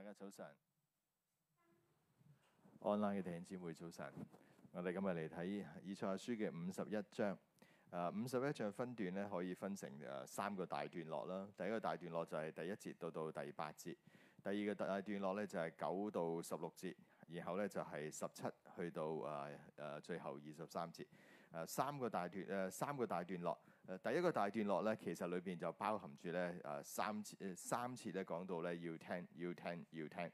大家早晨，online 嘅弟兄姊妹早晨，我哋今日嚟睇以賽亞書嘅五十一章。誒，五十一章分段咧可以分成誒三個大段落啦。第一個大段落就係第一節到到第八節，第二個大段落咧就係九到十六節，然後咧就係十七去到誒誒最後二十三節。誒，三個大段誒、呃、三個大段落。誒第一個大段落咧，其實裏邊就包含住咧誒三誒三次咧講到咧 要聽，要聽，要聽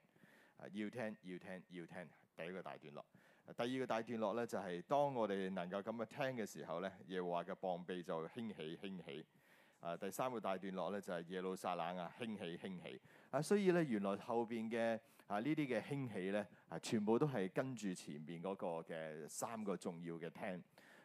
啊，要聽，要聽，要聽。第一個大段落，第二個大段落咧就係當我哋能夠咁樣聽嘅時候咧，耶和華嘅膀臂就興起，興起。誒第三個大段落咧就係耶路撒冷啊興起，興起。啊所以咧原來後邊嘅啊呢啲嘅興起咧啊全部都係跟住前面嗰個嘅三個重要嘅聽。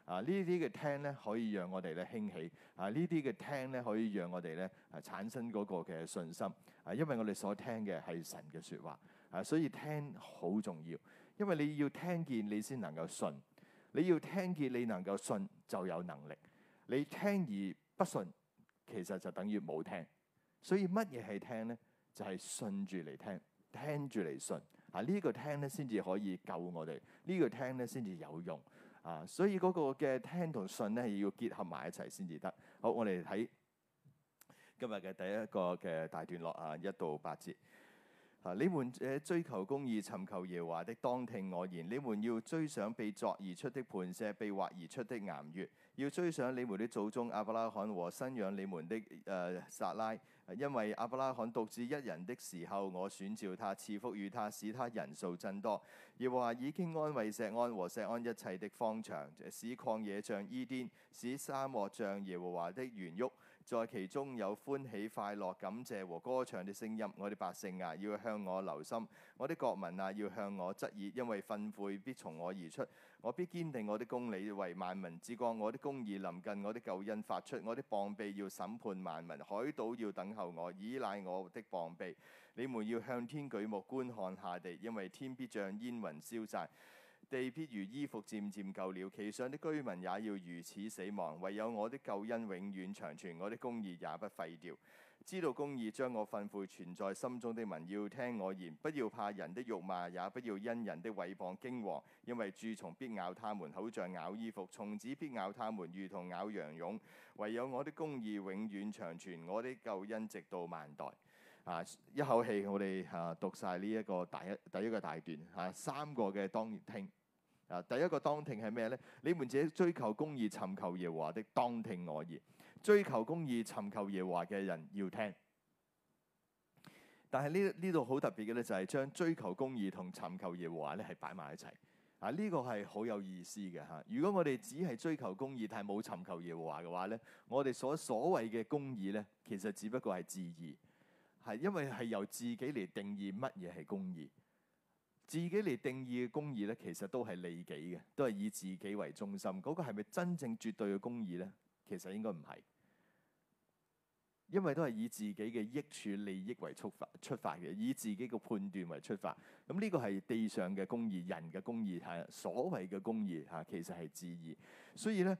啊！呢啲嘅聽咧，可以讓我哋咧興起；啊，呢啲嘅聽咧，可以讓我哋咧、啊、產生嗰個嘅信心。啊，因為我哋所聽嘅係神嘅説話，啊，所以聽好重要。因為你要聽見，你先能夠信；你要聽見，你能夠信就有能力。你聽而不信，其實就等於冇聽。所以乜嘢係聽咧？就係、是、信住嚟聽，聽住嚟信。啊，呢、這個聽咧先至可以救我哋，呢、這個聽咧先至有用。啊，所以嗰個嘅聽同信咧要結合埋一齊先至得。好，我哋睇今日嘅第一個嘅大段落啊，一到八節。啊，你們誒追求公義、尋求耶和華的，當聽我言；你們要追想被作而出的磐石、被挖而出的岩穴；要追想你們的祖宗亞伯拉罕和生養你們的誒、呃、撒拉。因為亞伯拉罕獨自一人的時候，我選召他，賜福與他，使他人數增多。耶和華已經安慰錫安和錫安一切的荒場，使曠野像伊甸，使沙漠像耶和華的園囿。在其中有歡喜、快樂、感謝和歌唱的聲音。我的百姓啊，要向我留心；我的國民啊，要向我質疑，因為憤悔必從我而出。我必堅定我的公理為萬民之光，我的公義臨近，我的救恩發出，我的膀臂要審判萬民，海島要等候我，依賴我的膀臂。你們要向天舉目觀看下地，因為天必將煙雲消散。地必如衣服漸漸舊了，其上的居民也要如此死亡。唯有我的救恩永遠長存，我的公義也不廢掉。知道公義將我訓誨存在心中的民要聽我言，不要怕人的辱罵，也不要因人的毀謗驚惶，因為蛀蟲必咬他們，好像咬衣服；蟲子必咬他們，如同咬羊絨。唯有我的公義永遠長存，我的救恩直到萬代。啊，一口氣我哋啊讀晒呢一個第一第一個大段啊三個嘅當聽。啊，第一個當聽係咩呢？你們自己追求公義、尋求耶和華的當聽我言。追求公義、尋求耶和華嘅人要聽。但係呢呢度好特別嘅呢，就係將追求公義同尋求耶和華呢係擺埋一齊。啊，呢、呢個係好有意思嘅嚇、啊。如果我哋只係追求公義，但係冇尋求耶和華嘅話呢，我哋所所謂嘅公義呢，其實只不過係自義，係因為係由自己嚟定義乜嘢係公義。自己嚟定義嘅公義呢，其實都係利己嘅，都係以自己為中心。嗰、那個係咪真正絕對嘅公義呢？其實應該唔係，因為都係以自己嘅益處、利益為出發出發嘅，以自己嘅判斷為出發。咁呢個係地上嘅公義，人嘅公義係所謂嘅公義嚇，其實係自義。所以呢。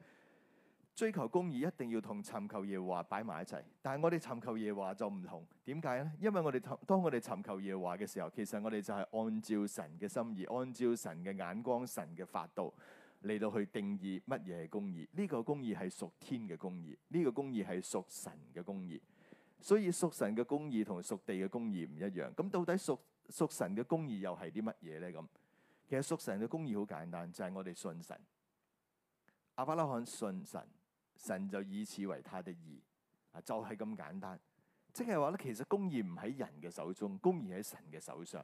追求公義一定要同尋求耶華擺埋一齊，但係我哋尋求耶華就唔同，點解呢？因為我哋當我哋尋求耶華嘅時候，其實我哋就係按照神嘅心意，按照神嘅眼光神、神嘅法度嚟到去定義乜嘢係公義。呢、這個公義係屬天嘅公義，呢、這個公義係屬神嘅公義。所以屬神嘅公義同屬地嘅公義唔一樣。咁到底屬屬神嘅公義又係啲乜嘢呢？咁其實屬神嘅公義好簡單，就係、是、我哋信神，亞伯拉罕信神。神就以此為他的義，啊，就係、是、咁簡單，即係話咧，其實公義唔喺人嘅手中，公義喺神嘅手上、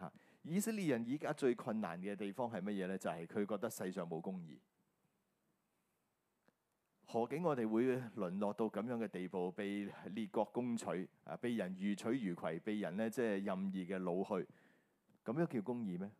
啊。以色列人依家最困難嘅地方係乜嘢呢？就係、是、佢覺得世上冇公義，何竟我哋會淪落到咁樣嘅地步，被列國攻取，啊，被人如取如攜，被人呢即係、就是、任意嘅擄去，咁樣叫公義咩？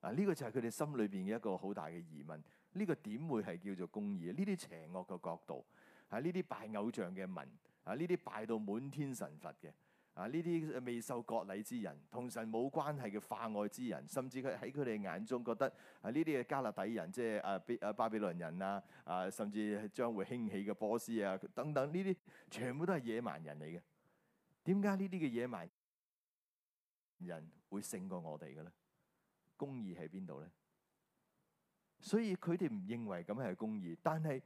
啊，呢、這個就係佢哋心裏邊嘅一個好大嘅疑問。呢個點會係叫做公義啊？呢啲邪惡嘅角度，啊呢啲拜偶像嘅民，啊呢啲拜到滿天神佛嘅，啊呢啲未受割禮之人，同神冇關係嘅化外之人，甚至佢喺佢哋眼中覺得啊呢啲嘅加勒底人，即係啊巴啊巴比倫人啊，啊甚至將會興起嘅波斯啊等等呢啲，全部都係野蠻人嚟嘅。點解呢啲嘅野蠻人會勝過我哋嘅咧？公義喺邊度咧？所以佢哋唔認為咁係公義，但係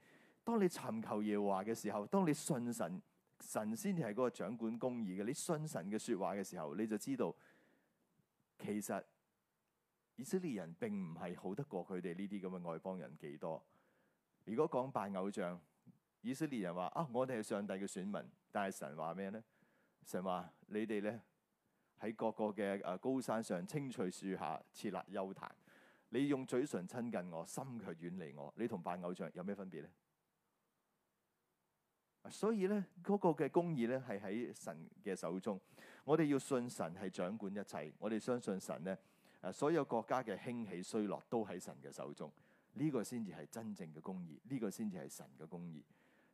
當你尋求耶和華嘅時候，當你信神，神先至係嗰個掌管公義嘅。你信神嘅說話嘅時候，你就知道其實以色列人並唔係好得過佢哋呢啲咁嘅外邦人幾多。如果講拜偶像，以色列人話啊，我哋係上帝嘅選民，但係神話咩咧？神話你哋咧，喺各個嘅誒高山上青翠樹下設立休壇。你用嘴唇親近我，心卻遠離我。你同扮偶像有咩分別呢？所以呢，嗰個嘅公義呢，係喺神嘅手中。我哋要信神係掌管一切。我哋相信神呢，所有國家嘅興起衰落都喺神嘅手中。呢個先至係真正嘅公義，呢個先至係神嘅公義。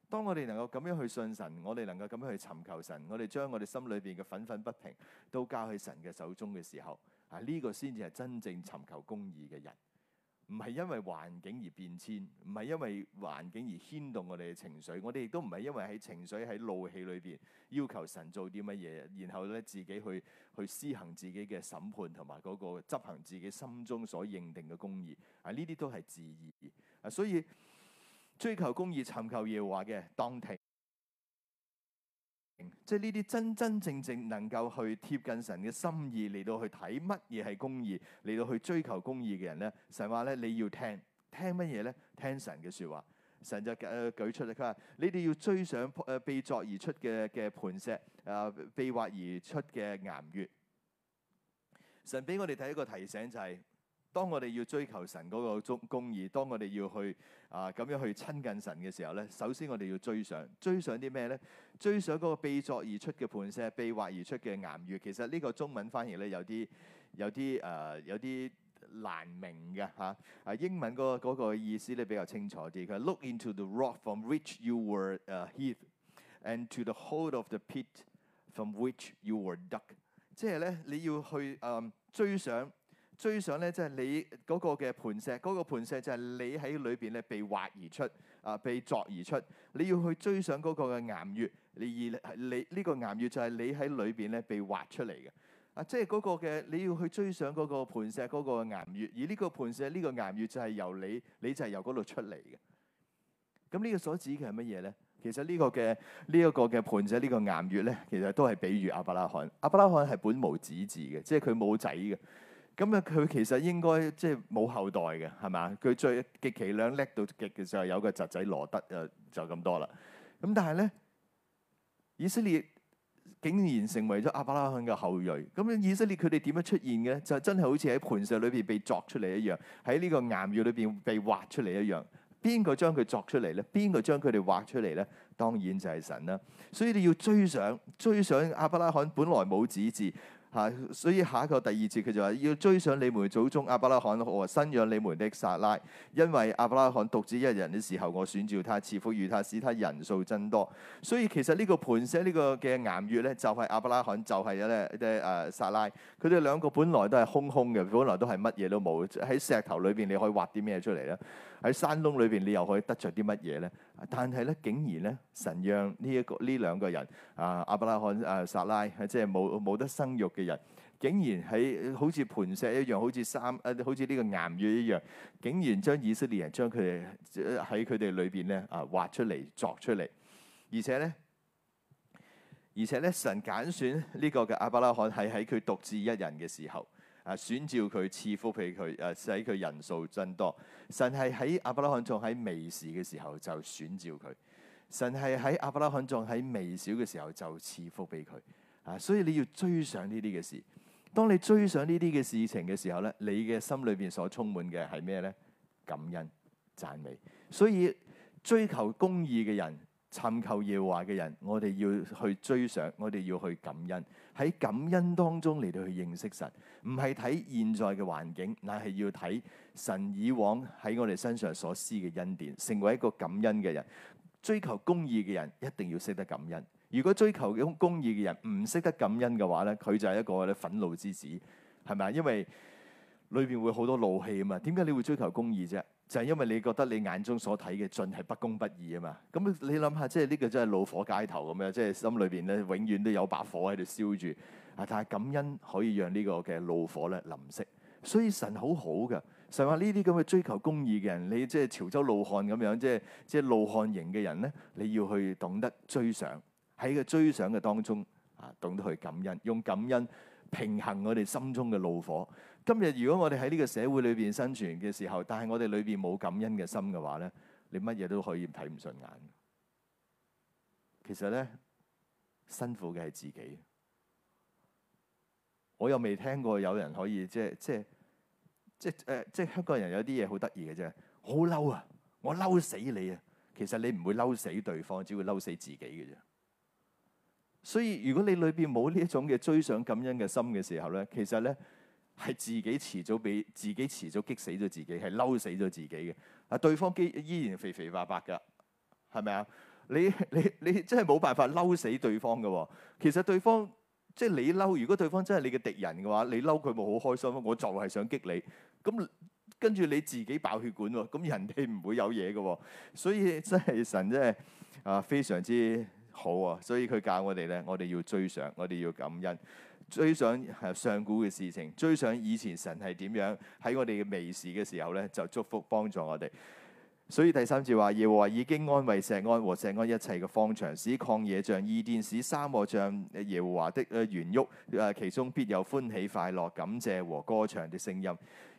當我哋能夠咁樣去信神，我哋能夠咁樣去尋求神，我哋將我哋心裏邊嘅忿忿不平都交去神嘅手中嘅時候。啊！呢、這個先至係真正尋求公義嘅人，唔係因為環境而變遷，唔係因為環境而牽動我哋嘅情緒。我哋亦都唔係因為喺情緒喺怒氣裏邊要求神做啲乜嘢，然後咧自己去去施行自己嘅審判同埋嗰個執行自己心中所認定嘅公義。啊！呢啲都係自義。啊！所以追求公義、尋求耶和華嘅當聽。即係呢啲真真正正能夠去貼近神嘅心意嚟到，去睇乜嘢係公義，嚟到去追求公義嘅人咧，神話咧，你要聽聽乜嘢咧？聽神嘅說話，神就誒、呃、舉出咧，佢話你哋要追想誒，被作而出嘅嘅磐石，誒、呃、被挖而出嘅岩穴。神俾我哋睇一個提醒就係、是。當我哋要追求神嗰個公義，當我哋要去啊咁、呃、樣去親近神嘅時候咧，首先我哋要追上，追上啲咩咧？追上嗰個被作而出嘅磐石，被挖而出嘅岩穴。其實呢個中文翻譯咧有啲有啲誒有啲、呃、難明嘅嚇。啊英文嗰、嗰個嗰個意思咧比較清楚啲。佢 look into the rock from which you were 誒、uh, heaved and to the hold of the pit from which you were dug 即係咧，你要去誒、呃、追上。追上咧，即、就、係、是、你嗰個嘅盤石，嗰、那個盤石就係你喺裏邊咧被挖而出啊、呃，被鑿而出。你要去追上嗰個嘅巖穴，而係你呢、這個巖穴就係你喺裏邊咧被挖出嚟嘅啊。即係嗰個嘅你要去追上嗰個盤石嗰個巖穴，而呢個盤石呢、這個巖穴就係由你你就係由嗰度出嚟嘅。咁呢個所指嘅係乜嘢咧？其實呢個嘅呢一個嘅盤石呢、這個巖穴咧，其實都係比喻阿伯拉罕。阿伯拉罕係本無子嗣嘅，即係佢冇仔嘅。咁啊，佢其實應該即係冇後代嘅，係嘛？佢最極其量叻到極嘅就係有個侄仔羅德，誒就咁多啦。咁但係咧，以色列竟然成為咗亞伯拉罕嘅後裔。咁以色列佢哋點樣出現嘅？就真係好似喺磐石裏邊被鑿出嚟一樣，喺呢個岩穴裏邊被挖出嚟一樣。邊個將佢鑿出嚟咧？邊個將佢哋挖出嚟咧？當然就係神啦。所以你要追上追上亞伯拉罕，本來冇子嗣。嚇、啊！所以下一個第二節，佢就話要追上你們祖宗亞伯拉罕。我生養你們的撒拉，因為亞伯拉罕獨自一人嘅時候，我選召他，賜福與他，使他人數增多。所以其實呢個盤石呢個嘅岩穴咧，就係、是、亞伯拉罕，就係咧啲誒撒拉。佢哋兩個本來都係空空嘅，本來都係乜嘢都冇。喺石頭裏邊，你可以挖啲咩出嚟咧？喺山窿裏邊，你又可以得着啲乜嘢咧？但係咧，竟然咧，神讓呢一個呢兩個人啊，亞伯拉罕誒、啊、撒拉，即係冇冇得生育嘅人，竟然喺好似磐石一樣，好似三誒、啊、好似呢個岩穴一樣，竟然將以色列人將佢哋喺佢哋裏邊咧啊挖出嚟作出嚟，而且咧而且咧，神揀選呢個嘅亞伯拉罕係喺佢獨自一人嘅時候。啊！選召佢賜福俾佢，誒使佢人數增多。神係喺亞伯拉罕仲喺微時嘅時候就選召佢；神係喺亞伯拉罕仲喺微小嘅時候就賜福俾佢。啊！所以你要追上呢啲嘅事。當你追上呢啲嘅事情嘅時候咧，你嘅心裏邊所充滿嘅係咩咧？感恩讚美。所以追求公義嘅人、尋求耶和華嘅人，我哋要去追上，我哋要去感恩。喺感恩當中嚟到去認識神，唔係睇現在嘅環境，乃係要睇神以往喺我哋身上所施嘅恩典。成為一個感恩嘅人。追求公義嘅人一定要識得感恩。如果追求公義嘅人唔識得感恩嘅話咧，佢就係一個咧憤怒之子，係咪啊？因為裏邊會好多怒氣啊嘛。點解你會追求公義啫？就係因為你覺得你眼中所睇嘅盡係不公不義啊嘛，咁你諗下，即係呢個真係怒火街頭咁樣，即係心裏邊咧永遠都有把火喺度燒住。啊，但係感恩可以讓個呢個嘅怒火咧淋熄。所以神好好嘅。神話呢啲咁嘅追求公義嘅人，你即係潮州怒漢咁樣，即係即係怒漢型嘅人咧，你要去懂得追想。喺個追想嘅當中啊，懂得去感恩，用感恩平衡我哋心中嘅怒火。今日如果我哋喺呢個社會裏邊生存嘅時候，但係我哋裏邊冇感恩嘅心嘅話咧，你乜嘢都可以睇唔順眼。其實咧，辛苦嘅係自己。我又未聽過有人可以即係即係即係誒即係香港人有啲嘢好得意嘅啫，好嬲啊！我嬲死你啊！其實你唔會嬲死對方，只會嬲死自己嘅啫。所以如果你裏邊冇呢一種嘅追想感恩嘅心嘅時候咧，其實咧。係自己遲早俾自己遲早激死咗自己，係嬲死咗自己嘅。啊，對方機依然肥肥白白㗎，係咪啊？你你你真係冇辦法嬲死對方嘅。其實對方即係、就是、你嬲，如果對方真係你嘅敵人嘅話，你嬲佢冇好開心。我就係想激你，咁跟住你自己爆血管喎。咁人哋唔會有嘢嘅。所以真係神真係啊、呃，非常之好啊。所以佢教我哋咧，我哋要追上，我哋要感恩。追想上古嘅事情，追想以前神係點樣喺我哋嘅微時嘅時候咧，就祝福幫助我哋。所以第三節話，耶和華已經安慰錫安和錫安一切嘅荒場，使曠野像伊甸史，使沙漠像耶和華的園囿。誒，其中必有歡喜、快樂、感謝和歌唱的聲音。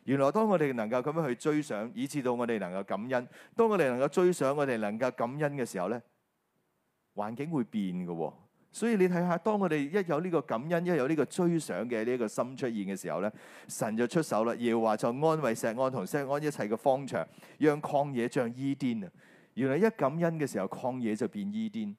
原來當我哋能夠咁樣去追想，以致到我哋能夠感恩。當我哋能夠追想，我哋能夠感恩嘅時候咧，環境會變嘅、哦。所以你睇下，當我哋一有呢個感恩，一有呢個追想嘅呢個心出現嘅時候咧，神就出手啦。耶和華就安慰錫安同錫安一切嘅方場，讓曠野像伊甸啊！原來一感恩嘅時候，曠野就變伊甸，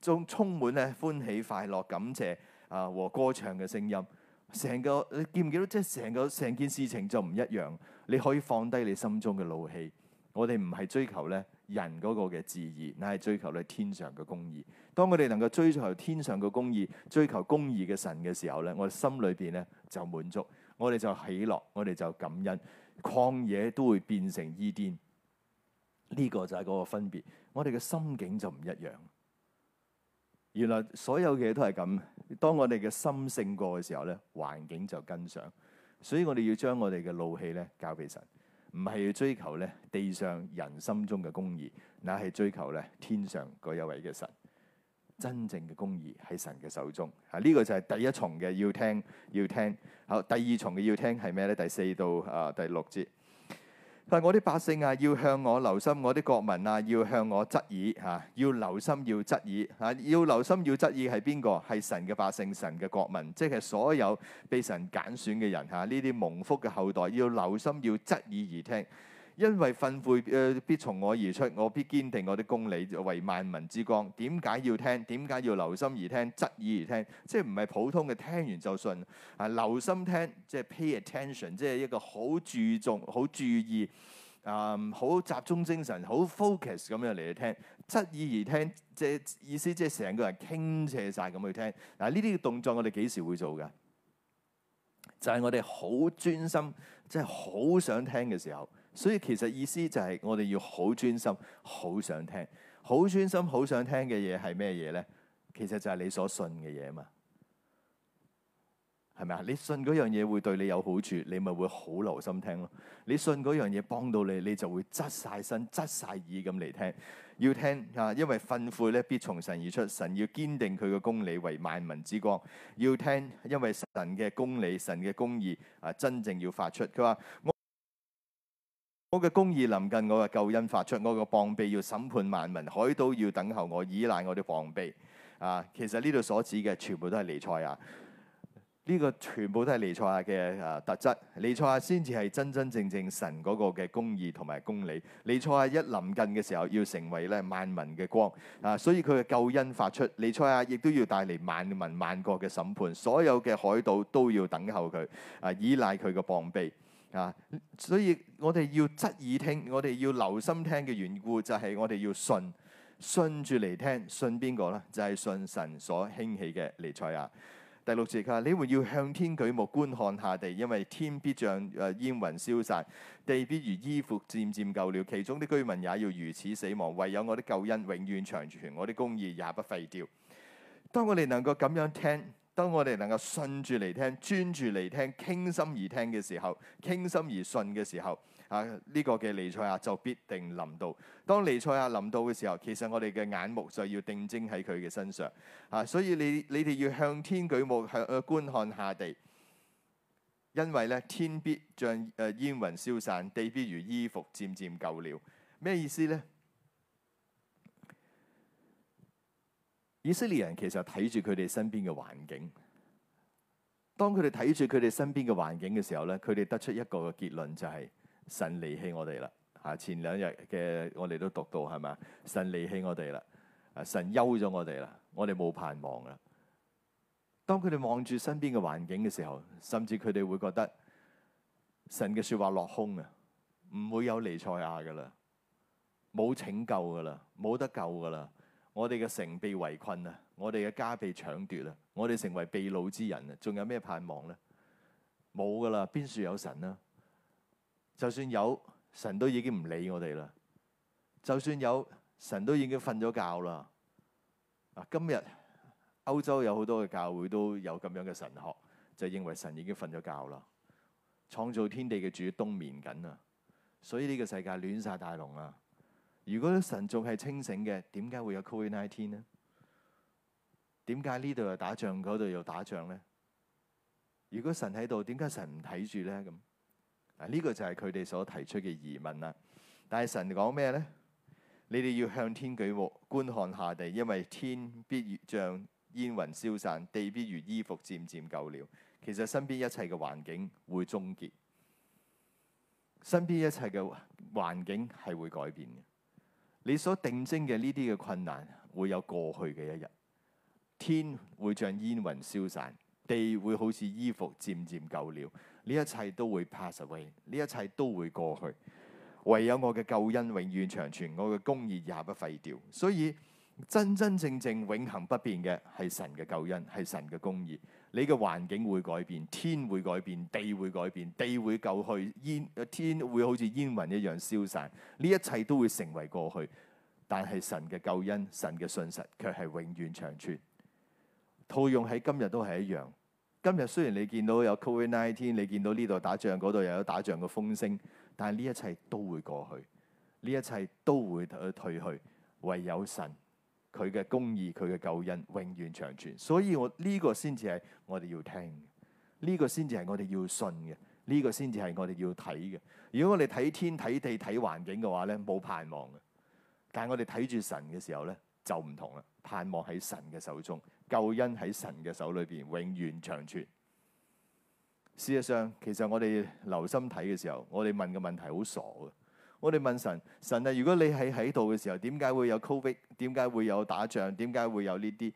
仲充滿咧歡喜、快樂、感謝啊和歌唱嘅聲音。成個你記唔記得？即係成個成件事情就唔一樣。你可以放低你心中嘅怒氣。我哋唔係追求咧，人嗰個嘅志意，乃係追求咧天上嘅公義。當我哋能夠追求天上嘅公義，追求公義嘅神嘅時候咧，我哋心裏邊咧就滿足，我哋就喜樂，我哋就感恩，曠野都會變成伊甸。呢個就係嗰個分別。我哋嘅心境就唔一樣。原來所有嘢都係咁。當我哋嘅心勝過嘅時候咧，環境就跟上。所以我哋要將我哋嘅怒氣咧交俾神。唔係追求咧地上人心中嘅公義，那係追求咧天上嗰一位嘅神。真正嘅公義喺神嘅手中，啊呢個就係第一重嘅要聽要聽。好，第二重嘅要聽係咩咧？第四到啊第六節。但係我啲百姓啊，要向我留心；我啲國民啊，要向我質疑吓、啊，要留心要質疑吓、啊，要留心要質疑係邊個係神嘅百姓，神嘅國民，即係所有被神揀選嘅人吓，呢、啊、啲蒙福嘅後代，要留心要質疑而聽。因為訓誨，誒必從我而出，我必堅定我的公理為萬民之光。點解要聽？點解要留心而聽？側耳而聽，即係唔係普通嘅聽完就信？啊，留心聽，即係 pay attention，即係一個好注重、好注意、啊好集中精神、好 focus 咁樣嚟去聽。側耳而聽，即係意思即係成個人傾斜晒咁去聽。嗱、啊，呢啲動作我哋幾時會做嘅？就係、是、我哋好專心，即係好想聽嘅時候。所以其實意思就係我哋要好專心，好想聽，好專心好想聽嘅嘢係咩嘢呢？其實就係你所信嘅嘢嘛，係咪啊？你信嗰樣嘢會對你有好處，你咪會好留心聽咯。你信嗰樣嘢幫到你，你就會側晒身、側晒耳咁嚟聽。要聽啊，因為訓誨咧必從神而出，神要堅定佢嘅公理為萬民之光。要聽，因為神嘅公理、神嘅公義啊，真正要發出。佢話我嘅公義臨近，我嘅救恩發出，我嘅膀臂要審判萬民，海島要等候我，依賴我嘅膀臂。啊，其實呢度所指嘅全部都係彌賽亞，呢、這個全部都係彌賽亞嘅誒特質。彌賽亞先至係真真正正神嗰個嘅公義同埋公理。彌賽亞一臨近嘅時候，要成為咧萬民嘅光。啊，所以佢嘅救恩發出，彌賽亞亦都要帶嚟萬民萬國嘅審判，所有嘅海島都要等候佢，啊，依賴佢嘅膀臂。啊！所以我哋要側耳聽，我哋要留心聽嘅緣故，就係我哋要信，信住嚟聽。信邊個呢？就係、是、信神所興起嘅彌賽亞。第六節佢話：你們要向天舉目觀看下地，因為天必像誒煙雲消散，地必如衣服漸漸舊了。其中啲居民也要如此死亡。唯有我啲救恩永遠長存，我啲公義也不廢掉。當我哋能夠咁樣聽。當我哋能夠順住嚟聽、專注嚟聽、傾心而聽嘅時候，傾心而信嘅時候，啊呢、這個嘅尼賽亞就必定臨到。當尼賽亞臨到嘅時候，其實我哋嘅眼目就要定睛喺佢嘅身上。啊，所以你你哋要向天舉目，向、啊、誒觀看下地，因為咧天必像誒煙雲消散，地必如衣服漸漸舊了。咩意思咧？以色列人其實睇住佢哋身邊嘅環境，當佢哋睇住佢哋身邊嘅環境嘅時候咧，佢哋得出一個結論就係神離棄我哋啦。嚇，前兩日嘅我哋都讀到係咪？神離棄我哋啦，啊，神休咗我哋啦，我哋冇盼望啦。當佢哋望住身邊嘅環境嘅時候，甚至佢哋會覺得神嘅説話落空啊，唔會有彌賽亞噶啦，冇拯救噶啦，冇得救噶啦。我哋嘅城被圍困啊！我哋嘅家被搶奪啊！我哋成為被擄之人啊！仲有咩盼望呢？冇㗎喇！邊處有神啊？就算有神，都已經唔理我哋啦。就算有神，都已經瞓咗覺啦。今日歐洲有好多嘅教會都有咁樣嘅神學，就認為神已經瞓咗覺啦。創造天地嘅主冬眠緊啊！所以呢個世界亂晒大龍啊！如果神仲係清醒嘅，點解會有 COVID-19 呢？點解呢度又打仗，嗰度又打仗呢？如果神喺度，點解神唔睇住呢？咁呢個就係佢哋所提出嘅疑問啦。但係神講咩呢？「你哋要向天舉目，觀看下地，因為天必如像煙雲消散，地必如衣服漸漸舊了。其實身邊一切嘅環境會終結，身邊一切嘅環境係會改變。你所定睛嘅呢啲嘅困難，會有過去嘅一日，天會像煙雲消散，地會好似衣服漸漸舊了，呢一切都會 pass away，呢一切都會過去，唯有我嘅救恩永遠長存，我嘅公義也不廢掉，所以。真真正正永恒不變嘅，係神嘅救恩，係神嘅公義。你嘅環境會改變，天會改變，地會改變，地會舊去煙天，天會好似煙雲一樣消散。呢一切都會成為過去，但係神嘅救恩、神嘅信實卻係永遠長存。套用喺今日都係一樣。今日雖然你見到有 Covid 19，你見到呢度打仗，嗰度又有打仗嘅風聲，但係呢一切都會過去，呢一切都會退去，唯有神。佢嘅公義、佢嘅救恩永遠長存，所以我呢個先至係我哋要聽，呢個先至係我哋要信嘅，呢個先至係我哋要睇嘅。如果我哋睇天、睇地、睇環境嘅話呢，冇盼望嘅。但係我哋睇住神嘅時候呢，就唔同啦。盼望喺神嘅手中，救恩喺神嘅手裏邊，永遠長存。事實上，其實我哋留心睇嘅時候，我哋問嘅問題好傻嘅。我哋問神，神啊，如果你係喺度嘅時候，點解會有 covid？點解會有打仗？點解會有呢啲？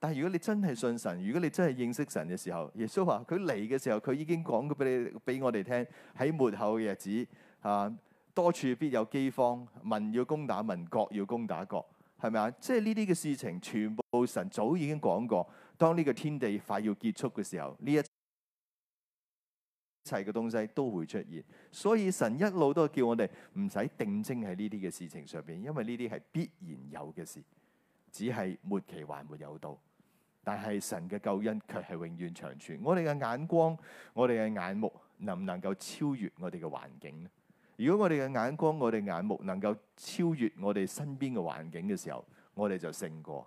但係如果你真係信神，如果你真係認識神嘅時候，耶穌話佢嚟嘅時候，佢已經講過俾你，俾我哋聽，喺末後嘅日子啊，多處必有饑荒，民要攻打民，國要攻打國，係咪啊？即係呢啲嘅事情，全部神早已經講過。當呢個天地快要結束嘅時候，呢一一切嘅東西都會出現，所以神一路都叫我哋唔使定睛喺呢啲嘅事情上邊，因為呢啲係必然有嘅事，只係末期還沒有到。但係神嘅救恩卻係永遠長存。我哋嘅眼光，我哋嘅眼目能唔能夠超越我哋嘅環境呢？如果我哋嘅眼光、我哋眼目能夠超越我哋身邊嘅環境嘅時候，我哋就勝過。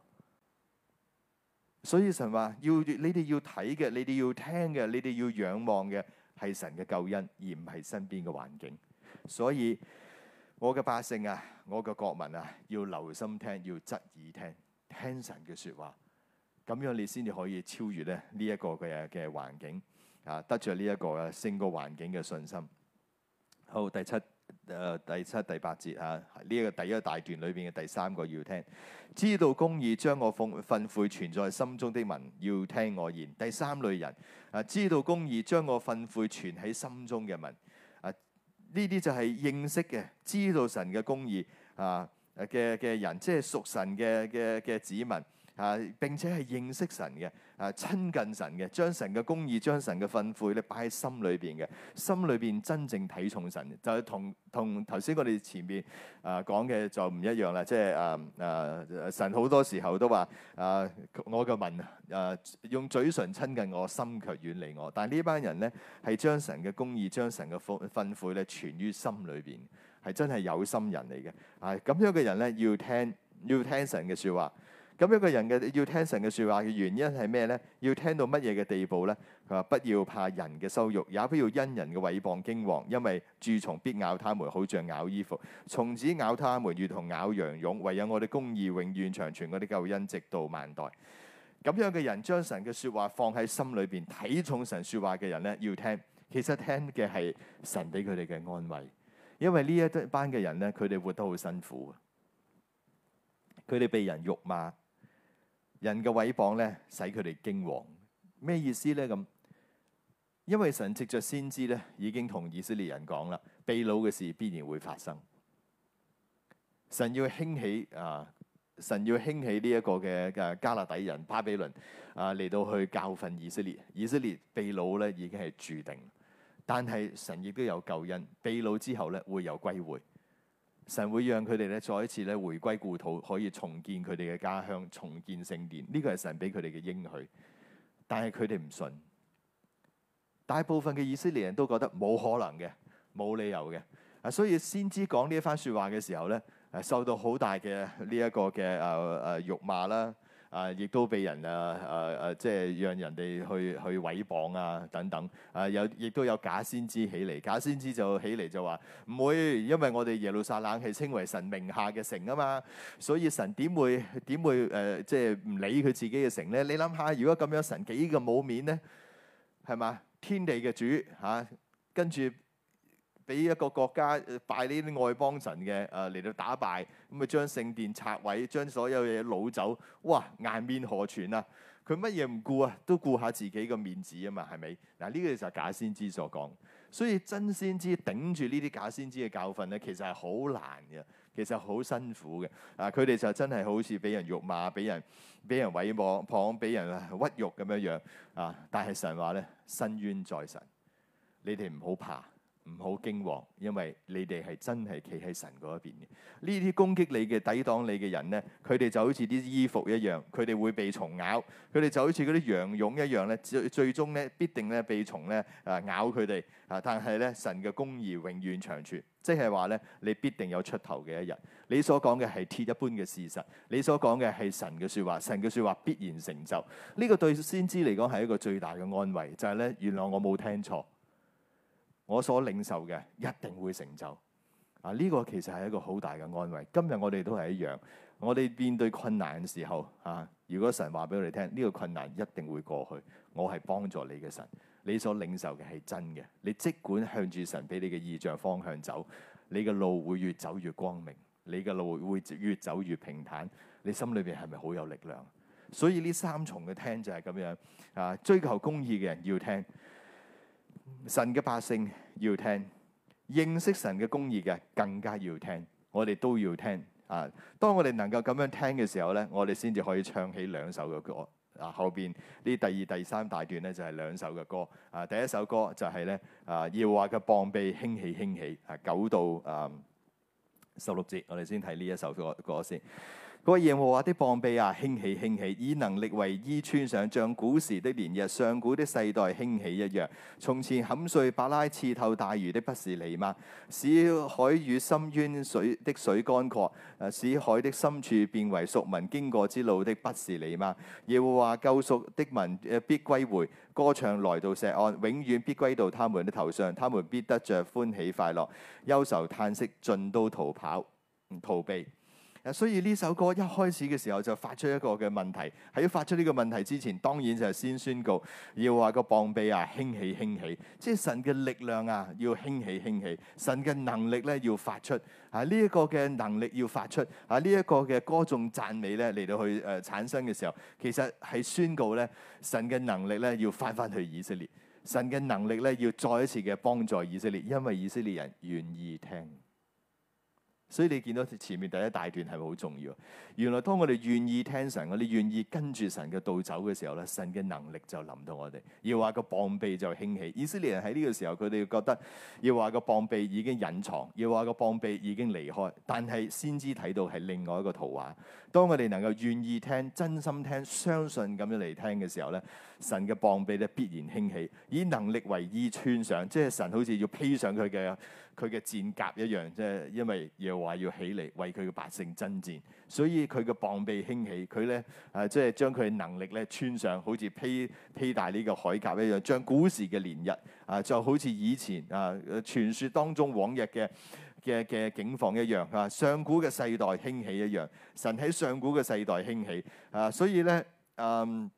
所以神話要你哋要睇嘅，你哋要，要聽嘅，你哋要仰望嘅。係神嘅救恩，而唔係身邊嘅環境。所以，我嘅百姓啊，我嘅國民啊，要留心聽，要側耳聽，聽神嘅說話。咁樣你先至可以超越咧呢一個嘅嘅環境啊，得著呢一個勝過環境嘅信心。好，第七。誒、呃、第七、第八節嚇，呢、啊、一、這個第一大段裏邊嘅第三個要聽，知道公義將我奉訓誨存在心中的民要聽我言。第三類人啊，知道公義將我訓誨存喺心中嘅民啊，呢啲就係認識嘅，知道神嘅公義啊嘅嘅人，即係屬神嘅嘅嘅子民。啊！並且係認識神嘅啊，親近神嘅，將神嘅公義、將神嘅憤悔咧擺喺心裏邊嘅心裏邊，真正睇重神就係同同頭先我哋前面啊講嘅就唔一樣啦。即係啊啊神好多時候都話啊，我嘅民啊用嘴唇親近我，心卻遠離我。但係呢班人咧係將神嘅公義、將神嘅憤悔咧存於心裏邊，係真係有心人嚟嘅啊！咁樣嘅人咧要聽要聽神嘅説話。咁一個人嘅，要聽神嘅說話嘅原因係咩呢？要聽到乜嘢嘅地步呢？佢話，不要怕人嘅羞辱，也不要因人嘅誹謗驚惶，因為蛀蟲必咬他們，好像咬衣服；蟲子咬他們，如同咬羊絨。唯有我哋公義永遠長存，嗰啲救恩直到萬代。咁樣嘅人將神嘅說話放喺心裏邊，睇重神說話嘅人呢？要聽，其實聽嘅係神俾佢哋嘅安慰，因為呢一班嘅人呢，佢哋活得好辛苦，佢哋被人辱罵。人嘅毀謗咧，使佢哋驚惶。咩意思咧？咁，因為神藉着先知咧，已經同以色列人講啦，被擄嘅事必然會發生。神要興起啊，神要興起呢一個嘅誒加勒底人巴比倫啊嚟到去教訓以色列。以色列被擄咧，已經係注定。但係神亦都有救恩，被擄之後咧會有歸回。神會讓佢哋咧再一次咧回歸故土，可以重建佢哋嘅家鄉，重建聖殿。呢、這個係神俾佢哋嘅應許，但係佢哋唔信。大部分嘅以色列人都覺得冇可能嘅，冇理由嘅。啊，所以先知講呢一番説話嘅時候咧，誒受到好大嘅呢一個嘅誒誒辱罵啦。呃呃啊！亦都被人啊啊啊，即係讓人哋去去毀謗啊等等啊，有亦都有假先知起嚟，假先知就起嚟就話唔會，因為我哋耶路撒冷係稱為神名下嘅城啊嘛，所以神點會點會誒、啊、即係唔理佢自己嘅城咧？你諗下，如果咁樣，神幾咁冇面咧？係嘛？天地嘅主嚇、啊，跟住。俾一個國家拜呢啲外邦神嘅誒嚟到打敗咁啊，將聖殿拆毀，將所有嘢攞走，哇！顏面何存啊？佢乜嘢唔顧啊？都顧下自己個面子啊嘛，係咪嗱？呢個就係假先知所講，所以真先知頂住呢啲假先知嘅教訓咧，其實係好難嘅，其實好辛苦嘅啊！佢哋就真係好似俾人辱罵、俾人俾人毀謗、傍俾人屈辱咁樣樣啊！但係神話咧，伸冤在神，你哋唔好怕。唔好驚惶，因為你哋係真係企喺神嗰邊嘅。呢啲攻擊你嘅、抵擋你嘅人呢，佢哋就好似啲衣服一樣，佢哋會被蟲咬；佢哋就好似嗰啲羊絨一樣咧，最最終咧必定咧被蟲咧啊咬佢哋。啊，但係咧神嘅公義永遠長存，即係話咧你必定有出頭嘅一日。你所講嘅係鐵一般嘅事實，你所講嘅係神嘅説話，神嘅説話必然成就。呢、這個對先知嚟講係一個最大嘅安慰，就係、是、咧原來我冇聽錯。我所領受嘅一定會成就，啊，呢個其實係一個好大嘅安慰。今日我哋都係一樣，我哋面對困難嘅時候，啊，如果神話俾我哋聽，呢個困難一定會過去。我係幫助你嘅神，你所領受嘅係真嘅。你即管向住神俾你嘅意象方向走，你嘅路會越走越光明，你嘅路會越走越平坦。你心裏邊係咪好有力量？所以呢三重嘅聽就係咁樣啊，追求公義嘅人要聽，神嘅百姓要聽，認識神嘅公義嘅更加要聽，我哋都要聽啊！當我哋能夠咁樣聽嘅時候呢，我哋先至可以唱起兩首嘅歌啊！後邊呢第二、第三大段呢就係兩首嘅歌啊！第一首歌就係呢，啊，要話嘅膀臂興起興起啊，九到啊十六節，我哋先睇呢一首歌歌先。各位：耶和華的膀臂啊，興起興起，以能力為衣穿上，像古時的年日、上古的世代興起一樣。從前砍碎巴拉、刺透大魚的，不是你嗎？使海與深淵水的水乾涸、啊，使海的深處變為贖民經過之路的，不是你嗎？耶和華救贖的民必歸回，歌唱來到石岸，永遠必歸到他們的頭上，他們必得着歡喜快樂。憂愁嘆息、盡都逃跑、逃避。所以呢首歌一開始嘅時候就發出一個嘅問題，喺發出呢個問題之前，當然就係先宣告要話個膀臂啊興起興起，即係神嘅力量啊要興起興起，神嘅能力咧要發出啊呢一、這個嘅能力要發出啊呢一、這個嘅歌頌讚美咧嚟到去誒、呃、產生嘅時候，其實係宣告咧神嘅能力咧要返返去以色列，神嘅能力咧要再一次嘅幫助以色列，因為以色列人願意聽。所以你見到前面第一大段係咪好重要？原來當我哋願意聽神，我哋願意跟住神嘅道走嘅時候咧，神嘅能力就臨到我哋。要話個膀臂就興起，以色列人喺呢個時候佢哋覺得，要話個膀臂已經隱藏，要話個膀臂已經離開，但係先知睇到係另外一個圖畫。當我哋能夠願意聽、真心聽、相信咁樣嚟聽嘅時候咧，神嘅膀臂咧必然興起，以能力為衣穿上，即係神好似要披上佢嘅佢嘅戰甲一樣，即係因為又話要起嚟為佢嘅百姓爭戰，所以佢嘅膀臂興起，佢咧啊即係將佢嘅能力咧穿上，好似披披戴呢個鎧甲一樣，將古時嘅年日啊，就好似以前啊傳説當中往日嘅。嘅嘅境況一樣啊，上古嘅世代興起一樣，神喺上古嘅世代興起啊，所以咧，嗯。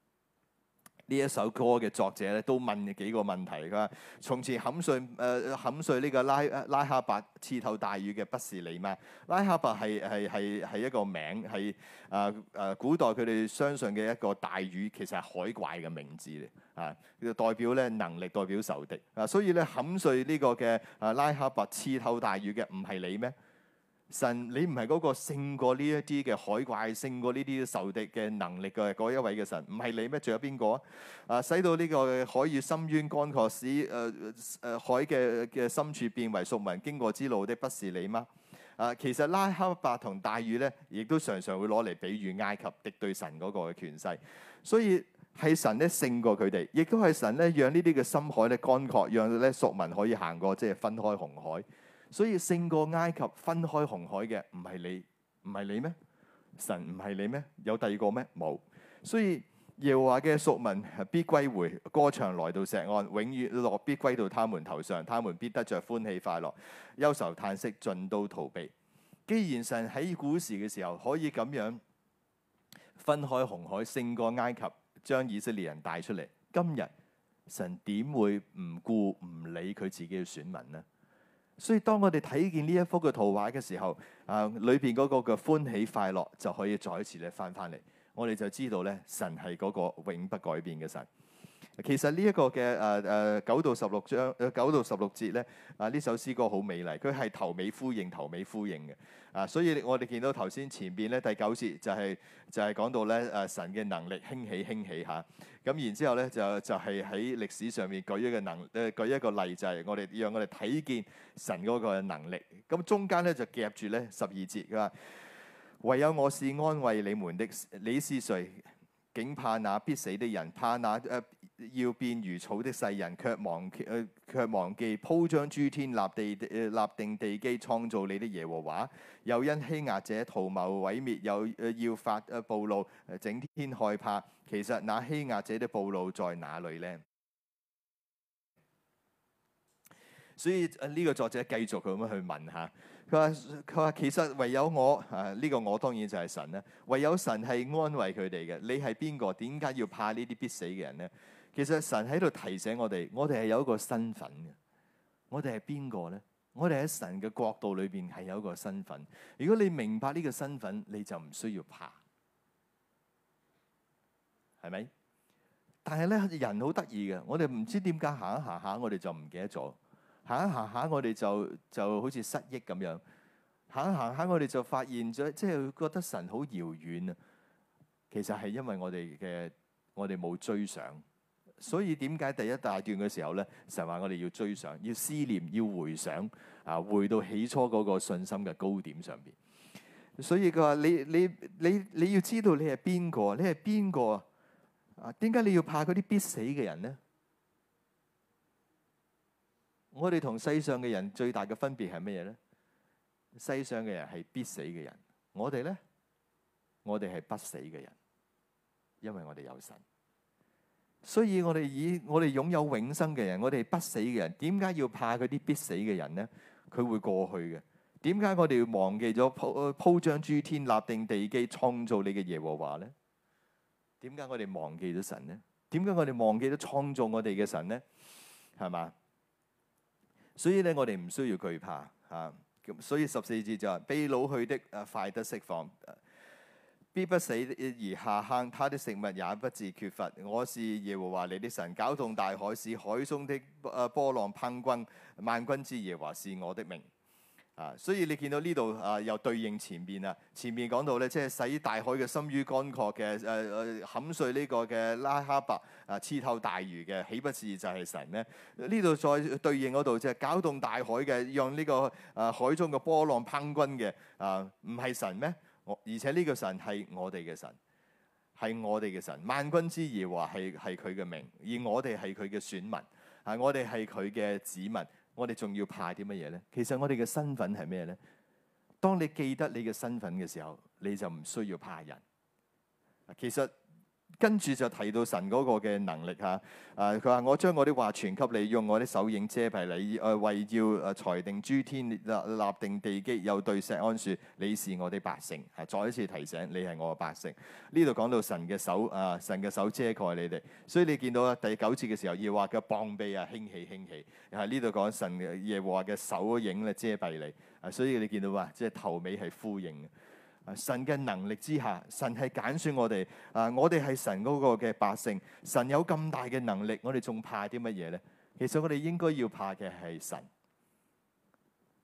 呢一首歌嘅作者咧都問幾個問題，佢話：從前砍碎誒砍碎呢個拉拉哈伯刺透大魚嘅不是你咩？拉哈伯係係係係一個名，係誒誒古代佢哋相信嘅一個大魚，其實係海怪嘅名字嚟啊！代表咧能力，代表仇敵啊，所以咧砍碎呢、這個嘅誒拉哈伯刺透大魚嘅唔係你咩？神，你唔係嗰個勝過呢一啲嘅海怪，勝過呢啲仇敵嘅能力嘅嗰一位嘅神，唔係你咩？仲有邊個啊？啊，使到呢個海與深淵乾涸，使誒誒、呃呃、海嘅嘅深處變為贖民經過之路的，不是你嗎？啊，其實拉哈伯同大魚咧，亦都常常會攞嚟比喻埃及敵對神嗰個嘅權勢。所以係神咧勝過佢哋，亦都係神咧讓呢啲嘅深海咧乾涸，讓咧贖民可以行過，即係分開紅海。所以勝過埃及、分開紅海嘅唔係你，唔係你咩？神唔係你咩？有第二個咩？冇。所以 耶和華嘅屬民必歸回，歌唱來到錫安，永遠樂必歸到他們頭上，他們必得着歡喜快樂，憂愁嘆息盡都逃避。既然神喺古時嘅時候可以咁樣分開紅海、勝過埃及，將以色列人帶出嚟，今日神點會唔顧唔理佢自己嘅選民呢？所以當我哋睇見呢一幅嘅圖畫嘅時候，啊、呃、裏邊嗰個嘅歡喜快樂就可以再一次咧返返嚟，我哋就知道咧神係嗰個永不改變嘅神。其實呢一個嘅誒誒九到十六章誒九到十六節咧，啊呢首詩歌好美麗，佢係頭尾呼應，頭尾呼應嘅啊！所以我哋見到頭先前邊咧第九節就係、是、就係、是、講到咧誒、啊、神嘅能力興起，興起嚇咁、啊。然之後咧就就係喺歷史上面舉一個能誒、呃、舉一個例子，就係、是、我哋讓我哋睇見神嗰個能力。咁、啊、中間咧就夾住咧十二節，佢話唯有我是安慰你們的，你是誰？竟怕那必死的人？怕那誒？呃要變如草的世人，卻忘，誒，卻、呃、忘記鋪張諸天，立地誒，立定地基創造你的耶和華。又因欺壓者圖謀毀滅，又、呃、要發暴怒，整天害怕。其實那欺壓者的暴怒在哪裏呢？所以呢、呃，呢個作者繼續咁樣去問下，佢話佢話其實唯有我誒呢、啊，呢個我當然就係神啦，唯有神係安慰佢哋嘅。你係邊個？點解要怕呢啲必死嘅人呢？其實神喺度提醒我哋，我哋係有一個身份嘅。我哋係邊個咧？我哋喺神嘅國度裏邊係有一個身份。如果你明白呢個身份，你就唔需要怕，係咪？但係咧，人好得意嘅，我哋唔知點解行一行下，行一行下我哋就唔記得咗；行一行下，我哋就就好似失憶咁樣；行一行下，我哋就發現咗，即係覺得神好遙遠啊。其實係因為我哋嘅我哋冇追想。所以點解第一大段嘅時候咧，成日話我哋要追想、要思念、要回想啊，回到起初嗰個信心嘅高點上面。所以佢話：你你你你要知道你係邊個？你係邊個啊？點解你要怕嗰啲必死嘅人呢？我哋同世上嘅人最大嘅分別係乜嘢咧？世上嘅人係必死嘅人，我哋咧，我哋係不死嘅人，因為我哋有神。所以我哋以我哋擁有永生嘅人，我哋不死嘅人，點解要怕嗰啲必死嘅人呢？佢會過去嘅。點解我哋要忘記咗鋪鋪張諸天、立定地基、創造你嘅耶和華呢？點解我哋忘記咗神呢？點解我哋忘記咗創造我哋嘅神呢？係嘛？所以咧，我哋唔需要懼怕嚇。咁、啊、所以十四節就話：被擄去的啊，快得釋放。必不死而下坑，他的食物也不致缺乏。我是耶和華你的神，攪動大海，使海中的啊波浪烹，噴軍萬軍之耶和華是我的名啊！所以你見到呢度啊，又對應前面啊，前面講到咧，即係使大海嘅深淤乾涸嘅，誒、啊、誒，冚碎呢個嘅拉哈伯啊，刺透大魚嘅，豈不是就係神呢？啊，呢度再對應嗰度，即係搞動大海嘅，讓呢個啊海中嘅波浪噴軍嘅啊，唔係神咩？而且呢個神係我哋嘅神，係我哋嘅神。萬軍之耶和華係係佢嘅名，而我哋係佢嘅選民，啊我哋係佢嘅子民，我哋仲要怕啲乜嘢呢？其實我哋嘅身份係咩呢？當你記得你嘅身份嘅時候，你就唔需要怕人。其實。跟住就提到神嗰個嘅能力吓，誒、啊、佢話我將我啲話傳給你，用我啲手影遮蔽你，誒、呃、為要誒栽定諸天立，立定地基，又對錫安説：你是我的百姓。嚇、啊，再一次提醒你係我嘅百姓。呢度講到神嘅手，誒、啊、神嘅手遮蓋你哋，所以你見到第九節嘅時候，耶和華嘅膀臂啊興起興起，又係呢度講神耶和華嘅手影咧遮蔽你。誒、啊，所以你見到啊，即係頭尾係呼應。啊、神嘅能力之下，神係揀選我哋。啊，我哋係神嗰個嘅百姓。神有咁大嘅能力，我哋仲怕啲乜嘢呢？其實我哋應該要怕嘅係神。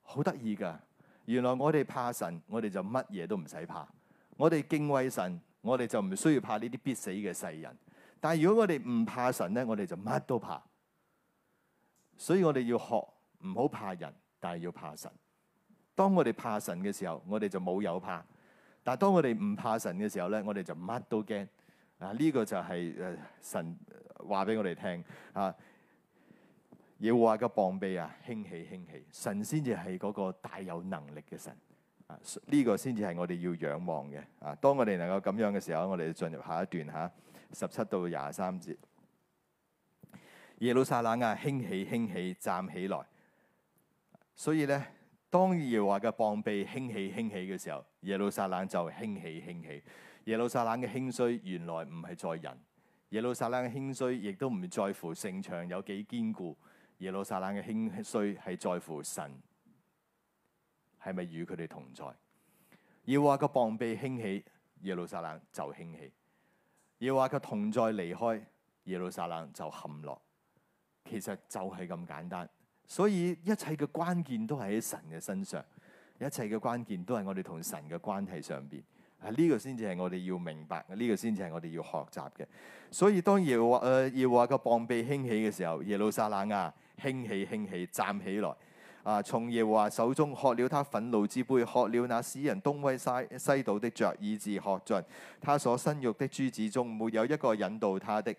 好得意㗎，原來我哋怕神，我哋就乜嘢都唔使怕。我哋敬畏神，我哋就唔需要怕呢啲必死嘅世人。但係如果我哋唔怕神呢，我哋就乜都怕。所以我哋要學，唔好怕人，但係要怕神。當我哋怕神嘅時候，我哋就冇有怕。但係當我哋唔怕神嘅時候咧，我哋就乜都驚。啊，呢個就係誒神話俾我哋聽啊。耶和華嘅膀臂啊，興起，興起，神先至係嗰個大有能力嘅神。啊，呢個先至係我哋要仰望嘅。啊，當我哋能夠咁樣嘅時候，我哋進入下一段吓，十七到廿三節。耶路撒冷啊，興起，興起，站起來。所以咧。當耶和華嘅膀臂興起興起嘅時候，耶路撒冷就興起興起。耶路撒冷嘅興衰原來唔係在人，耶路撒冷嘅興衰亦都唔在乎城牆有幾堅固。耶路撒冷嘅興衰係在乎神係咪與佢哋同在。要話個膀臂興起，耶路撒冷就興起；要話佢同在離開，耶路撒冷就陷落。其實就係咁簡單。所以一切嘅關鍵都喺喺神嘅身上，一切嘅關鍵都喺我哋同神嘅關係上邊。啊，呢、這個先至係我哋要明白呢、這個先至係我哋要學習嘅。所以當耶和誒、呃、耶和華嘅膀臂興起嘅時候，耶路撒冷啊，興起興起，站起來啊！從耶和華手中喝了他憤怒之杯，喝了那使人東歪西西倒的爵，以致喝盡他所生育的諸子中沒有一個引導他的。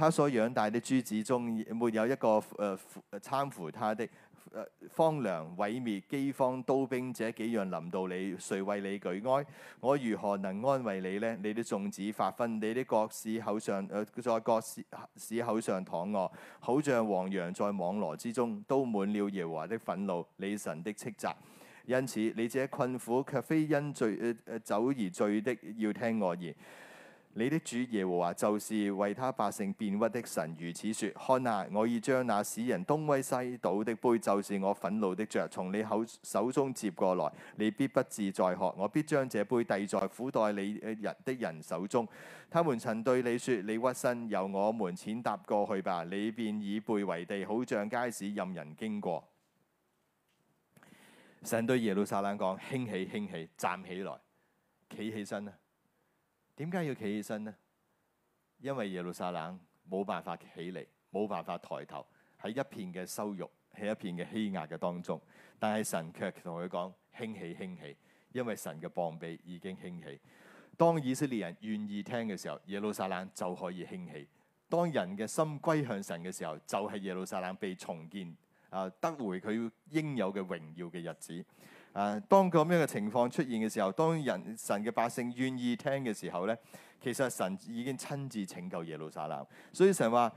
他所養大的眾子中，沒有一個誒誒攙扶他的。誒，荒涼、毀滅、饑荒、刀兵這幾樣臨到你，誰為你舉哀？我如何能安慰你呢？你的眾子發昏，你的各市口上誒在、呃、各市市口上躺卧，好像黃羊在網羅之中，都滿了耶和華的憤怒，你神的斥責。因此你這困苦卻非因醉誒誒、呃、酒而醉的，要聽我言。你的主耶和華就是為他百姓辨屈的神，如此說：看哪，我已將那使人東歪西倒的杯，就是我憤怒的爵，從你口手中接過來。你必不自在喝，我必將這杯遞在苦待你人的人手中。他們曾對你說：你屈身，由我們踐踏過去吧。你便以背為地，好像街市任人經過。神對耶路撒冷講：興起，興起，站起來，企起身啊！點解要企起身呢？因為耶路撒冷冇辦法起嚟，冇辦法抬頭，喺一片嘅羞辱、喺一片嘅欺壓嘅當中。但係神卻同佢講：興起，興起！因為神嘅膀臂已經興起。當以色列人願意聽嘅時候，耶路撒冷就可以興起。當人嘅心歸向神嘅時候，就係耶路撒冷被重建啊，得回佢應有嘅榮耀嘅日子。啊！當咁樣嘅情況出現嘅時候，當人神嘅百姓願意聽嘅時候咧，其實神已經親自拯救耶路撒冷。所以成日話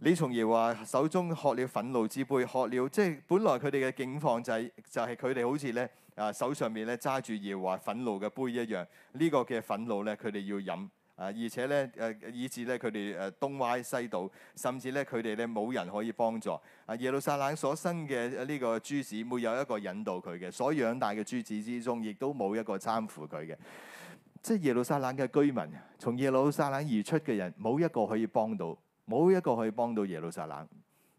你從耶和華手中喝了憤怒之杯，喝了即係本來佢哋嘅境況就係、是、就係佢哋好似咧啊手上面咧揸住耶和華憤怒嘅杯一樣，呢、這個嘅憤怒咧佢哋要飲。啊！而且咧，誒以致咧，佢哋誒東歪西倒，甚至咧，佢哋咧冇人可以幫助啊！耶路撒冷所生嘅呢個諸子，沒有一個引導佢嘅；所養大嘅諸子之中，亦都冇一個攙扶佢嘅。即係耶路撒冷嘅居民，從耶路撒冷而出嘅人，冇一個可以幫到，冇一個可以幫到耶路撒冷。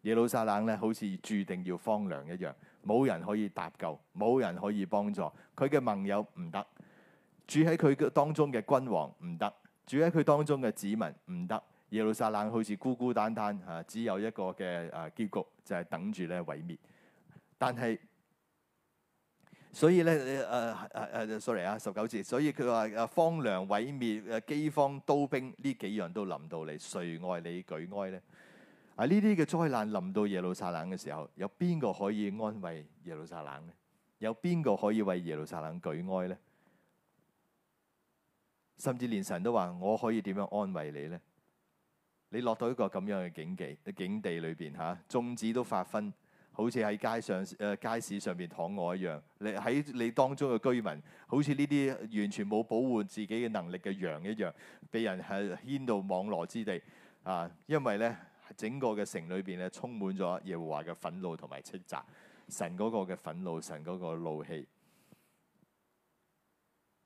耶路撒冷咧，好似注定要荒涼一樣，冇人可以搭救，冇人可以幫助。佢嘅盟友唔得，住喺佢嘅當中嘅君王唔得。住喺佢當中嘅子民唔得，耶路撒冷好似孤孤單單嚇、啊，只有一個嘅誒、啊、結局就係、是、等住咧毀滅。但係所以咧誒誒誒，sorry 啊，十九節，所以佢話誒荒涼毀滅誒饑、啊、荒刀兵呢幾樣都臨到你，誰愛你舉哀咧？啊呢啲嘅災難臨到耶路撒冷嘅時候，有邊個可以安慰耶路撒冷咧？有邊個可以為耶路撒冷舉哀咧？甚至連神都話：我可以點樣安慰你呢？你落到一個咁樣嘅境地、境地裏邊嚇，眾、啊、子都發昏，好似喺街上、誒、呃、街市上邊躺卧一樣。你喺你當中嘅居民，好似呢啲完全冇保護自己嘅能力嘅羊一樣，被人係牽到網羅之地啊！因為呢，整個嘅城裏邊咧，充滿咗耶和華嘅憤怒同埋斥責，神嗰個嘅憤怒，神嗰個怒氣。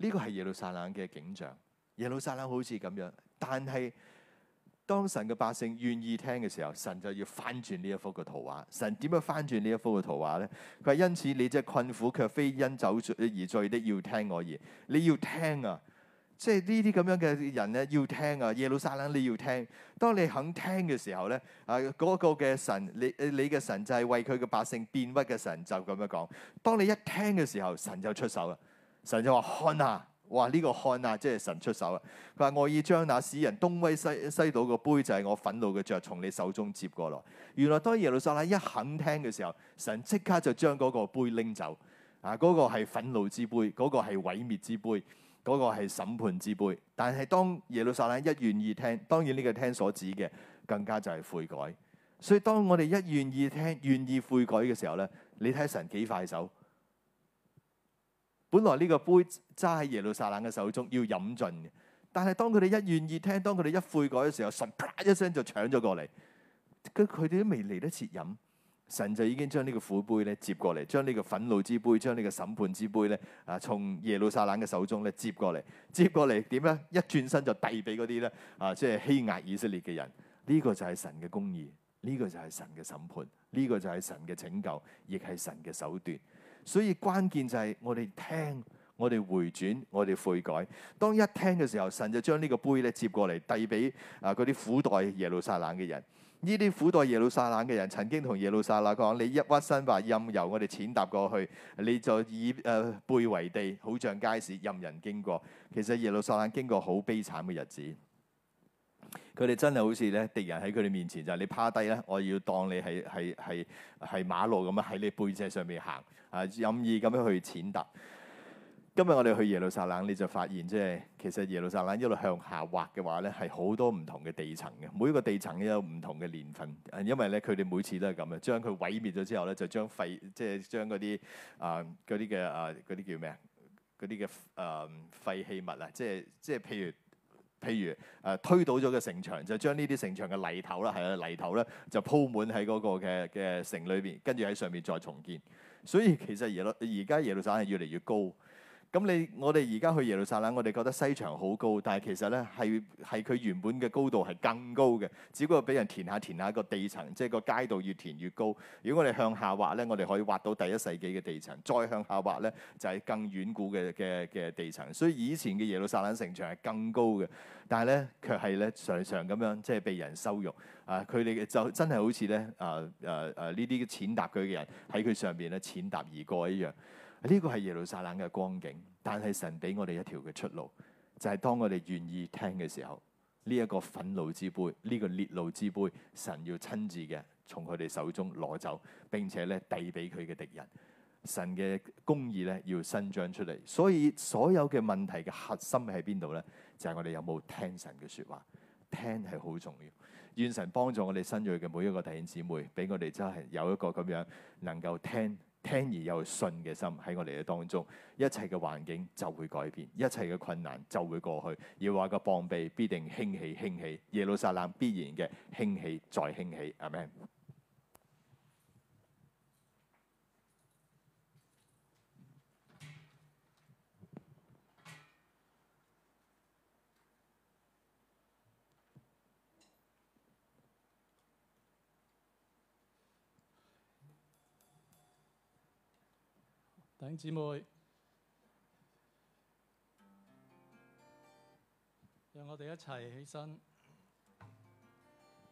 呢個係耶路撒冷嘅景象，耶路撒冷好似咁樣。但係當神嘅百姓願意聽嘅時候，神就要翻轉呢一幅嘅圖畫。神點樣翻轉呢一幅嘅圖畫咧？佢話：因此你即係困苦，卻非因酒而醉的，要聽我言。你要聽啊！即係呢啲咁樣嘅人咧，要聽啊！耶路撒冷你要聽。當你肯聽嘅時候咧，啊，嗰個嘅神，你你嘅神就係為佢嘅百姓辨屈嘅神，就咁樣講。當你一聽嘅時候，神就出手啦。神就話，看啊！哇，呢、這個看啊，即係神出手啊！佢話，我已將那使人東歪西西倒，個杯，就係我憤怒嘅爵，從你手中接過嚟。原來當耶路撒冷一肯聽嘅時候，神即刻就將嗰個杯拎走。啊，嗰、那個係憤怒之杯，嗰、那個係毀滅之杯，嗰、那個係審、那個、判之杯。但係當耶路撒冷一願意聽，當然呢個聽所指嘅，更加就係悔改。所以當我哋一願意聽、願意悔改嘅時候咧，你睇，神幾快手。本來呢個杯揸喺耶路撒冷嘅手中要飲盡嘅，但係當佢哋一願意聽，當佢哋一悔改嘅時候，神啪一聲就搶咗過嚟，佢佢哋都未嚟得切飲，神就已經將呢個苦杯咧接過嚟，將呢個憤怒之杯，將呢個審判之杯咧啊，從耶路撒冷嘅手中咧接過嚟，接過嚟點咧？一轉身就遞俾嗰啲咧啊，即係欺壓以色列嘅人。呢個就係神嘅公義，呢個就係神嘅審判，呢個就係神嘅拯救，亦係神嘅手段。所以關鍵就係我哋聽，我哋回轉，我哋悔改。當一聽嘅時候，神就將呢個杯咧接過嚟，遞俾啊嗰啲苦待耶路撒冷嘅人。呢啲苦待耶路撒冷嘅人曾經同耶路撒冷講：你一屈身話任由我哋踐踏過去。你就以誒、呃、背為地，好像街市，任人經過。其實耶路撒冷經過好悲慘嘅日子。佢哋真係好似咧敵人喺佢哋面前，就係、是、你趴低咧，我要當你係係係係馬路咁啊，喺你背脊上面行啊，任意咁樣去踐踏。今日我哋去耶路撒冷，你就發現即、就、係、是、其實耶路撒冷一路向下滑嘅話咧，係好多唔同嘅地層嘅，每一個地層都有唔同嘅年份。因為咧，佢哋每次都係咁啊，將佢毀滅咗之後咧，就將廢即係將嗰啲啊嗰啲嘅啊嗰啲叫咩啊嗰啲嘅啊廢棄物啊，即係、呃呃呃、即係譬如。譬如誒、呃、推倒咗嘅城牆，就將呢啲城牆嘅泥頭啦，係啊泥頭咧，就鋪滿喺嗰個嘅嘅城裏邊，跟住喺上面再重建。所以其實耶路而家耶路撒冷係越嚟越高。咁你我哋而家去耶路撒冷，我哋覺得西牆好高，但係其實咧係係佢原本嘅高度係更高嘅，只不過俾人填下填下個地層，即係個街道越填越高。如果我哋向下挖咧，我哋可以挖到第一世紀嘅地層，再向下挖咧就係更遠古嘅嘅嘅地層。所以以前嘅耶路撒冷城牆係更高嘅，但係咧卻係咧常常咁樣即係被人羞辱啊！佢哋就真係好似咧啊啊啊呢啲踐踏佢嘅人喺佢上邊咧踐踏而過一樣。呢個係耶路撒冷嘅光景，但係神俾我哋一條嘅出路，就係、是、當我哋願意聽嘅時候，呢、這、一個憤怒之杯，呢、這個烈怒之杯，神要親自嘅從佢哋手中攞走，並且咧遞俾佢嘅敵人。神嘅公義咧要伸張出嚟。所以所有嘅問題嘅核心喺邊度呢？就係、是、我哋有冇聽神嘅説話？聽係好重要。願神幫助我哋新約嘅每一個弟兄姊妹，俾我哋真係有一個咁樣能夠聽。聽而有信嘅心喺我哋嘅當中，一切嘅環境就會改變，一切嘅困難就會過去，要話個膀臂必定興起，興起耶路撒冷必然嘅興起，再興起，阿門。弟兄姊妹，讓我哋一齊起身，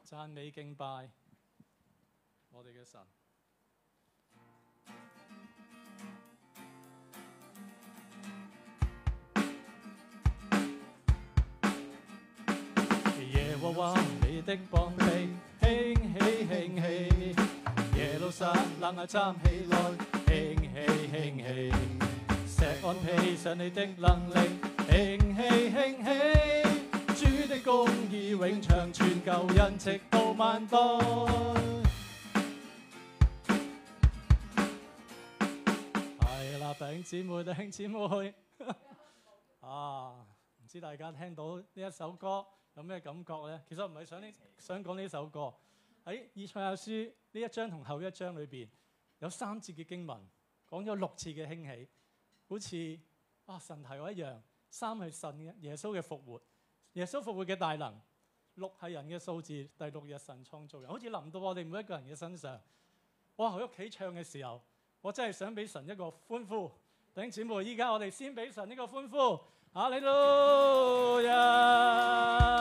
讚美敬拜我哋嘅神。耶和華，你 的膀臂興起，興起，耶路撒冷啊，撐起來。興起，錫安平，哼哼哼 pace，上你的能力。興起，興起，主的公義永長存，救恩直到萬代。係啦、 哎，弟兄姊妹，弟兄姊妹 啊！唔知大家聽到呢一首歌有咩感覺咧？其實唔係想呢緒想講呢首歌喺以賽亞書呢一章同後一章裏邊有三節嘅經文。講咗六次嘅興起，好似啊神提我一樣。三係神耶穌嘅復活，耶穌復活嘅大能。六係人嘅數字，第六日神創造人，好似臨到我哋每一個人嘅身上。哇！喺屋企唱嘅時候，我真係想俾神一個歡呼。頂姊妹，依家我哋先俾神一個歡呼。啊，你 咯樂。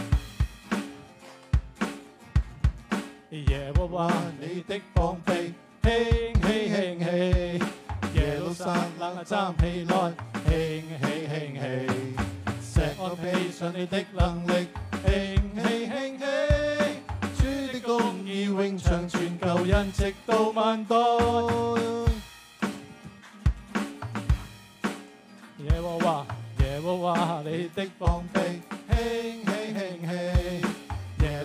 耶和華你的膀臂，興起興起，耶路撒冷站起來，興起興起，錫安披上你的能力，興起興起，主的公義永長存，救恩直到萬代。耶和華耶和華你的膀臂，興起。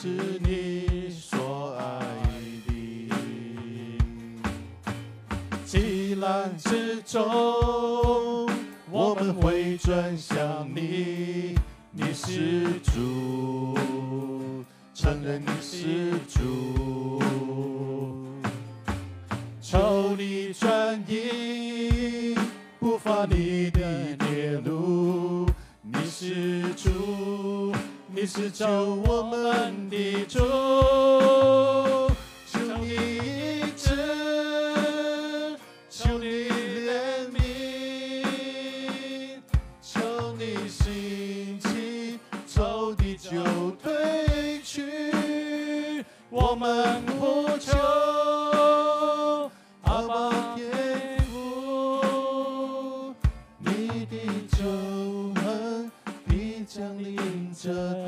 是你所愛的，急難之中我們會轉向你，你是主，承認你是主，求你指引，不發你的別路，你是主。你是救我們的主，求你醫治，求你憐憫，求你興起，走地就退去，退去我們不求阿爸恩福，你的仇恨必將臨這。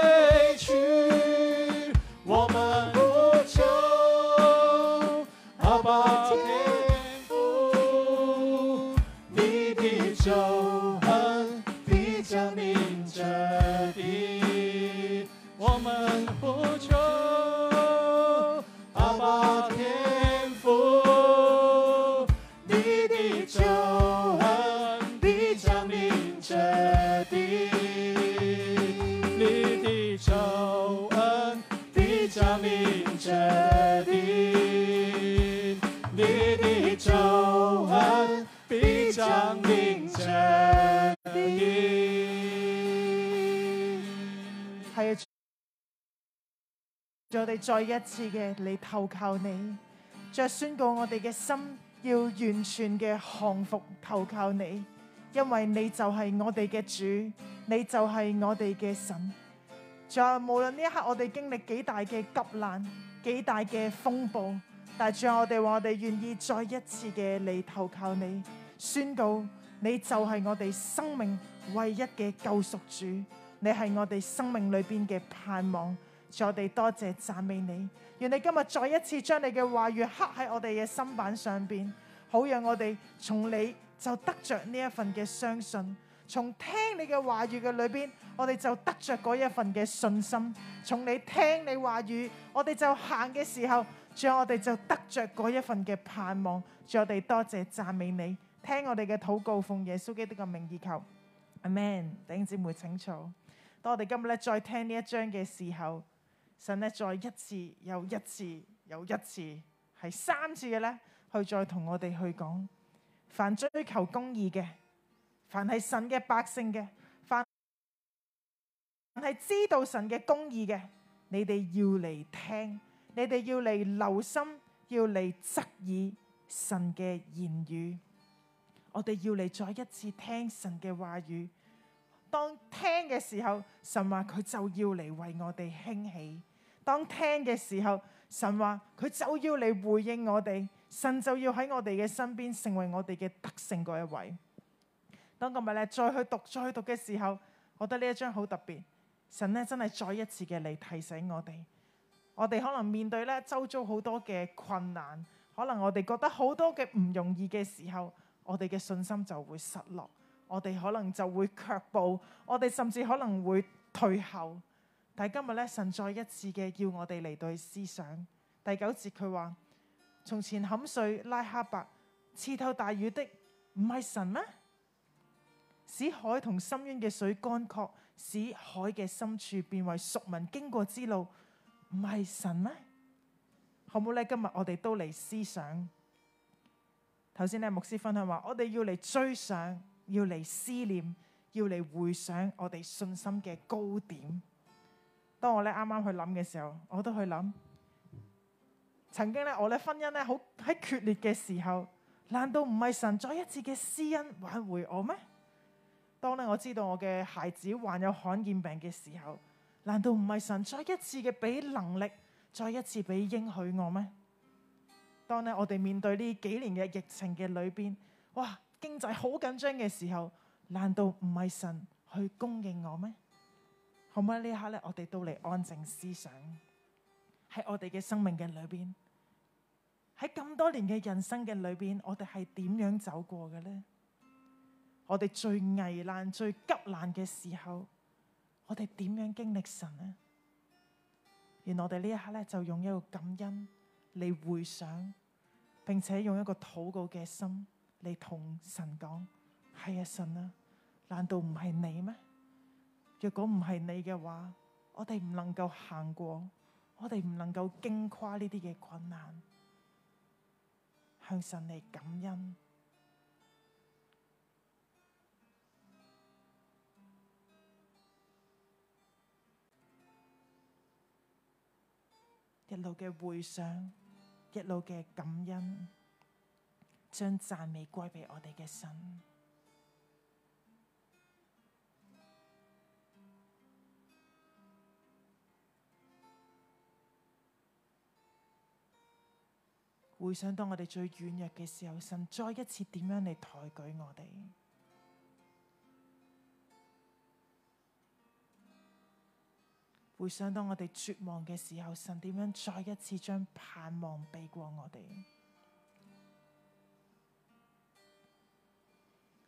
係，我哋再一次嘅嚟投靠你，再宣告我哋嘅心要完全嘅降服投靠你，因為你就係我哋嘅主，你就係我哋嘅神。仲有，無論呢一刻我哋經歷幾大嘅急難、幾大嘅風暴，但係最後我哋話我哋願意再一次嘅嚟投靠你，宣告。你就係我哋生命唯一嘅救贖主，你係我哋生命裏邊嘅盼望，主，我哋多謝，謝讚美你，願你今日再一次將你嘅話語刻喺我哋嘅心版上邊，好讓我哋從你就得着呢一份嘅相信，從聽你嘅話語嘅裏邊，我哋就得着嗰一份嘅信心，從你聽你話語，我哋就行嘅時候，主，我哋就得着嗰一份嘅盼望，主，我哋多謝，謝讚美你。聽我哋嘅禱告，奉耶穌基督嘅名以求，阿門。弟兄姊妹，請坐。當我哋今日咧再聽呢一章嘅時候，神咧再一次又一次又一次係三次嘅咧去再同我哋去講。凡追求公義嘅，凡係神嘅百姓嘅，凡係知道神嘅公義嘅，你哋要嚟聽，你哋要嚟留心，要嚟側耳神嘅言語。我哋要嚟再一次聽神嘅話語，當聽嘅時候，神話佢就要嚟為我哋興起；當聽嘅時候，神話佢就要嚟回應我哋。神就要喺我哋嘅身邊，成為我哋嘅得勝嗰一位。當今日咧再去讀再去讀嘅時候，我覺得呢一章好特別。神咧真係再一次嘅嚟提醒我哋，我哋可能面對咧周遭好多嘅困難，可能我哋覺得好多嘅唔容易嘅時候。我哋嘅信心就會失落，我哋可能就會卻步，我哋甚至可能會退後。但係今日咧，神再一次嘅要我哋嚟對思想。第九節佢話：從前砍碎拉哈伯、刺透大雨的，唔係神咩？使海同深淵嘅水乾涸，使海嘅深處變為贖民經過之路，唔係神咩？好唔好咧？今日我哋都嚟思想。頭先咧牧師分享話，我哋要嚟追上，要嚟思念，要嚟回想我哋信心嘅高點。當我咧啱啱去諗嘅時候，我都去諗。曾經咧，我咧婚姻咧好喺決裂嘅時候，難道唔係神再一次嘅施恩挽回我咩？當咧我知道我嘅孩子患有罕見病嘅時候，難道唔係神再一次嘅俾能力，再一次俾應許我咩？當咧我哋面對呢幾年嘅疫情嘅裏邊，哇，經濟好緊張嘅時候，難道唔係神去供應我咩？可唔可以呢一刻咧，我哋都嚟安靜思想，喺我哋嘅生命嘅裏邊，喺咁多年嘅人生嘅裏邊，我哋係點樣走過嘅咧？我哋最危難、最急難嘅時候，我哋點樣經歷神呢？原來我哋呢一刻咧，就用一個感恩嚟回想。並且用一個禱告嘅心嚟同神講，係啊、哎、神啊，難道唔係你咩？若果唔係你嘅話，我哋唔能夠行過，我哋唔能夠驚跨呢啲嘅困難，向神嚟感恩，一路嘅回想。一路嘅感恩，將讚美歸畀我哋嘅神，回 想當我哋最軟弱嘅時候，神再一次點樣嚟抬舉我哋。回想當我哋絕望嘅時候，神點樣再一次將盼望俾過我哋？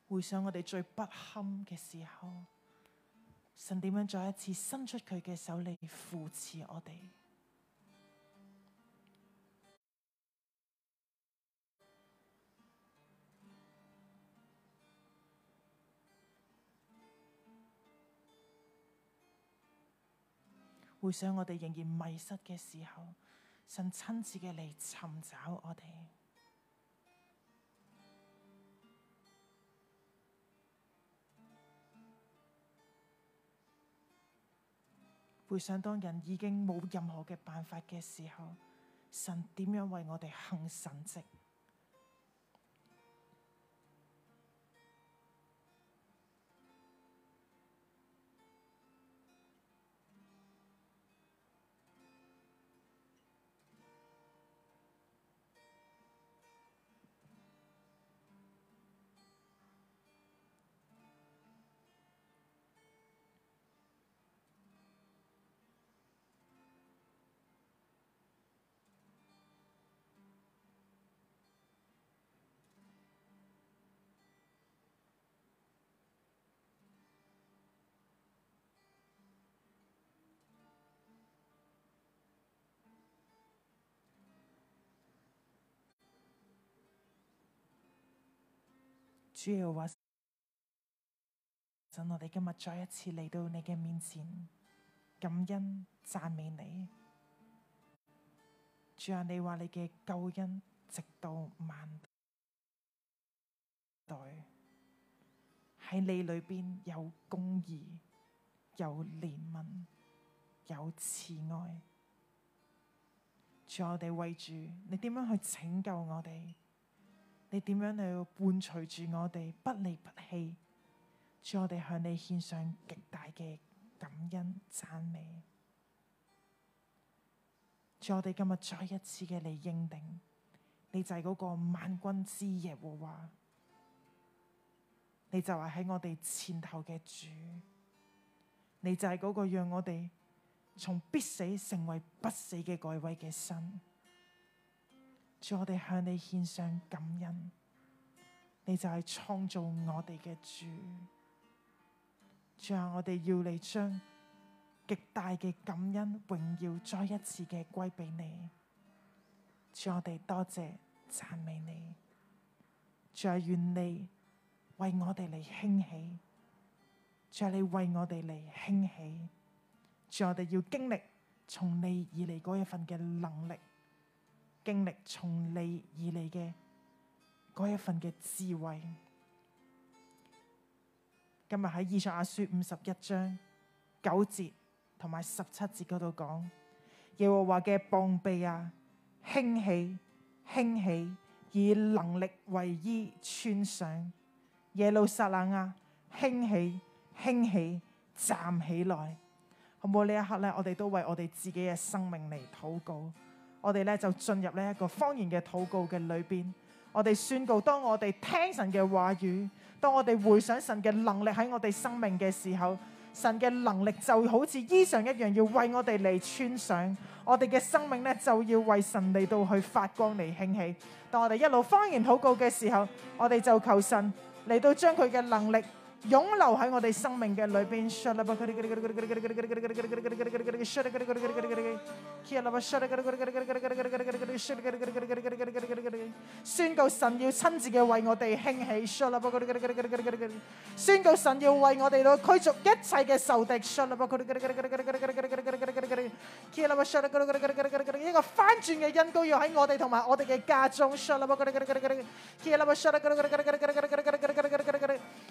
回想我哋最不堪嘅時候，神點樣再一次伸出佢嘅手嚟扶持我哋？回想我哋仍然迷失嘅時候，神親自嘅嚟尋找我哋。回想當人已經冇任何嘅辦法嘅時候，神點樣為我哋行神跡？主要話等，我哋今日再一次嚟到你嘅面前，感恩讚美你。主啊，你話你嘅救恩直到萬代，喺你裏邊有公義，有憐憫，有慈愛。主，我哋為主，你點樣去拯救我哋？你點樣，你要伴隨住我哋，不離不棄，主我哋向你獻上極大嘅感恩讚美，主我哋今日再一次嘅你應定，你就係嗰個萬軍之耶和華，你就係喺我哋前頭嘅主，你就係嗰個讓我哋從必死成為不死嘅貴偉嘅神。主，我哋向你獻上感恩，你就係創造我哋嘅主。主啊，我哋要你將極大嘅感恩榮耀再一次嘅歸畀你。主，我哋多謝讚美你。主啊，願你為我哋嚟興起。主啊，你為我哋嚟興起。主，我哋要經歷從你而嚟嗰一份嘅能力。經歷從你而嚟嘅嗰一份嘅智慧。今，今日喺《以賽亞書》五十一章九節同埋十七節嗰度講，耶和華嘅膀臂啊，興起，興起，以能力為衣穿上，耶路撒冷啊，興起，興起，站起來，好冇呢一刻呢，我哋都為我哋自己嘅生命嚟禱告。我哋咧就進入呢一個方言嘅禱告嘅裏邊，我哋宣告：當我哋聽神嘅話語，當我哋回想神嘅能力喺我哋生命嘅時候，神嘅能力就好似衣裳一樣，要為我哋嚟穿上。我哋嘅生命咧，就要為神嚟到去發光嚟興起。當我哋一路方言禱告嘅時候，我哋就求神嚟到將佢嘅能力。永留喺我哋生命嘅裏邊，宣告神要親自嘅為我哋興起，宣告神要為我哋嚟驅逐一切嘅仇敵，個翻轉嘅恩膏要喺我哋同埋我哋嘅家中。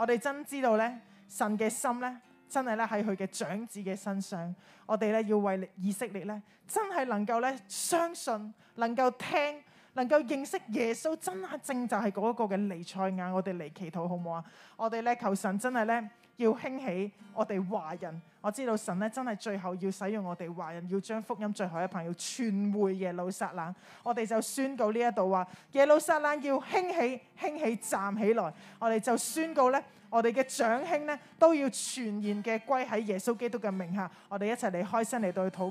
我哋真知道咧，神嘅心咧，真係咧喺佢嘅長子嘅身上。我哋咧要為以色列咧，真係能夠咧相信，能夠聽，能夠認識耶穌，真係正就係嗰個嘅彌賽亞。我哋嚟祈禱好唔好啊？我哋咧求神真係咧，要興起我哋華人。我知道神咧真係最後要使用我哋華人，要將福音最後一朋友傳回耶路撒冷。我哋就宣告呢一度話，耶路撒冷要興起，興起，站起來。我哋就宣告咧，我哋嘅長兄咧都要全然嘅歸喺耶穌基督嘅名下。我哋一齊嚟開聲嚟，到去禱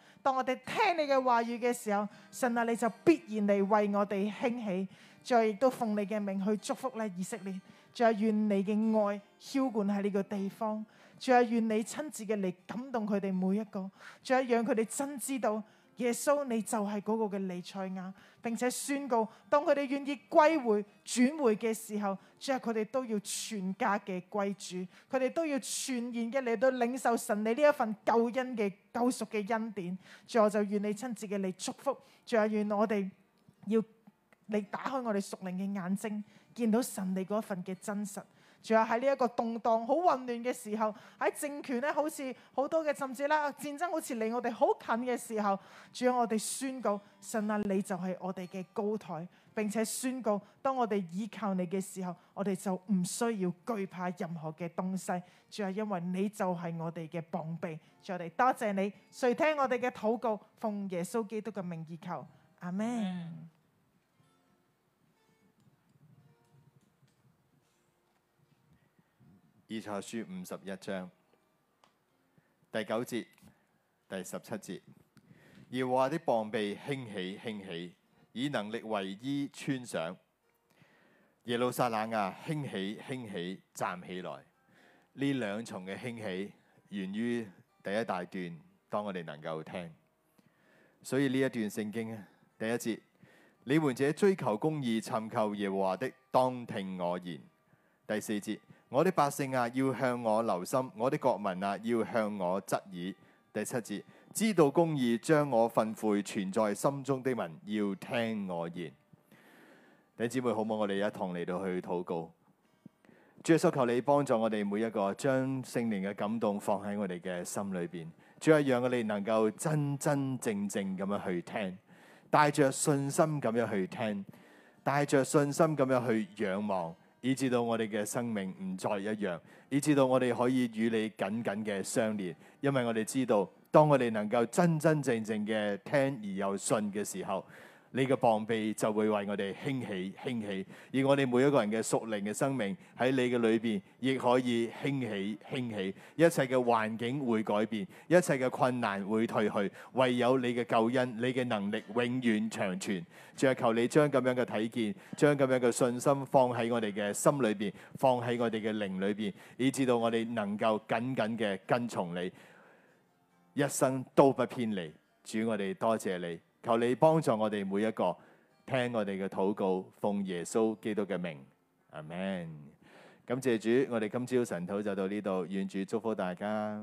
當我哋聽你嘅話語嘅時候，神啊，你就必然嚟為我哋興起，再亦都奉你嘅名去祝福咧以色列，再願你嘅愛澆灌喺呢個地方，再願你親自嘅嚟感動佢哋每一個，再讓佢哋真知道。耶穌，你就係嗰個嘅彌賽亞，並且宣告：當佢哋願意歸回、轉回嘅時候，最後佢哋都要全家嘅歸主，佢哋都要全然嘅嚟到領受神你呢一份救恩嘅救贖嘅恩典。最後就願你親自嘅嚟祝福，最後願我哋要你打開我哋屬靈嘅眼睛，見到神你嗰一份嘅真實。仲有喺呢一個動盪、好混亂嘅時候，喺政權咧，好似好多嘅甚至啦戰爭，好似離我哋好近嘅時候，仲有我哋宣告，神啊，你就係我哋嘅高台。並且宣告，當我哋依靠你嘅時候，我哋就唔需要懼怕任何嘅東西。仲係因為你就係我哋嘅膀臂。主啊，我哋多謝你，垂聽我哋嘅禱告，奉耶穌基督嘅名而求，阿門。嗯以賽亞書五十一章第九節、第十七節，耶和華的膀臂興，興起，興起，以能力為衣穿上。耶路撒冷啊，興起，興起，站起來。呢兩重嘅興起，源於第一大段。當我哋能夠聽，所以呢一段聖經第一節，你們這追求公義，尋求耶和華的，當聽我言。第四節。我的百姓啊，要向我留心；我的國民啊，要向我側耳。第七節，知道公義將我訓誨存在心中的民，要聽我言。弟兄姊妹好唔好？我哋一同嚟到去禱告。主耶穌，求你幫助我哋每一個，將聖靈嘅感動放喺我哋嘅心裏邊。主啊，讓我哋能夠真真正正咁樣去聽，帶着信心咁樣去聽，帶着信心咁樣去，去仰望。以致到我哋嘅生命唔再一樣，以致到我哋可以與你緊緊嘅相連，因為我哋知道，當我哋能夠真真正正嘅聽而又信嘅時候。你嘅膀臂就會為我哋興起興起，而我哋每一個人嘅屬靈嘅生命喺你嘅裏邊亦可以興起興起。一切嘅環境會改變，一切嘅困難會退去，唯有你嘅救恩、你嘅能力永遠長存。主啊，求你將咁樣嘅睇見、將咁樣嘅信心放喺我哋嘅心裏邊，放喺我哋嘅靈裏邊，以至到我哋能夠緊緊嘅跟從你，一生都不偏離。主，我哋多謝你。求你幫助我哋每一個聽我哋嘅禱告，奉耶穌基督嘅名，阿門。感謝主，我哋今朝神禱就到呢度，願主祝福大家。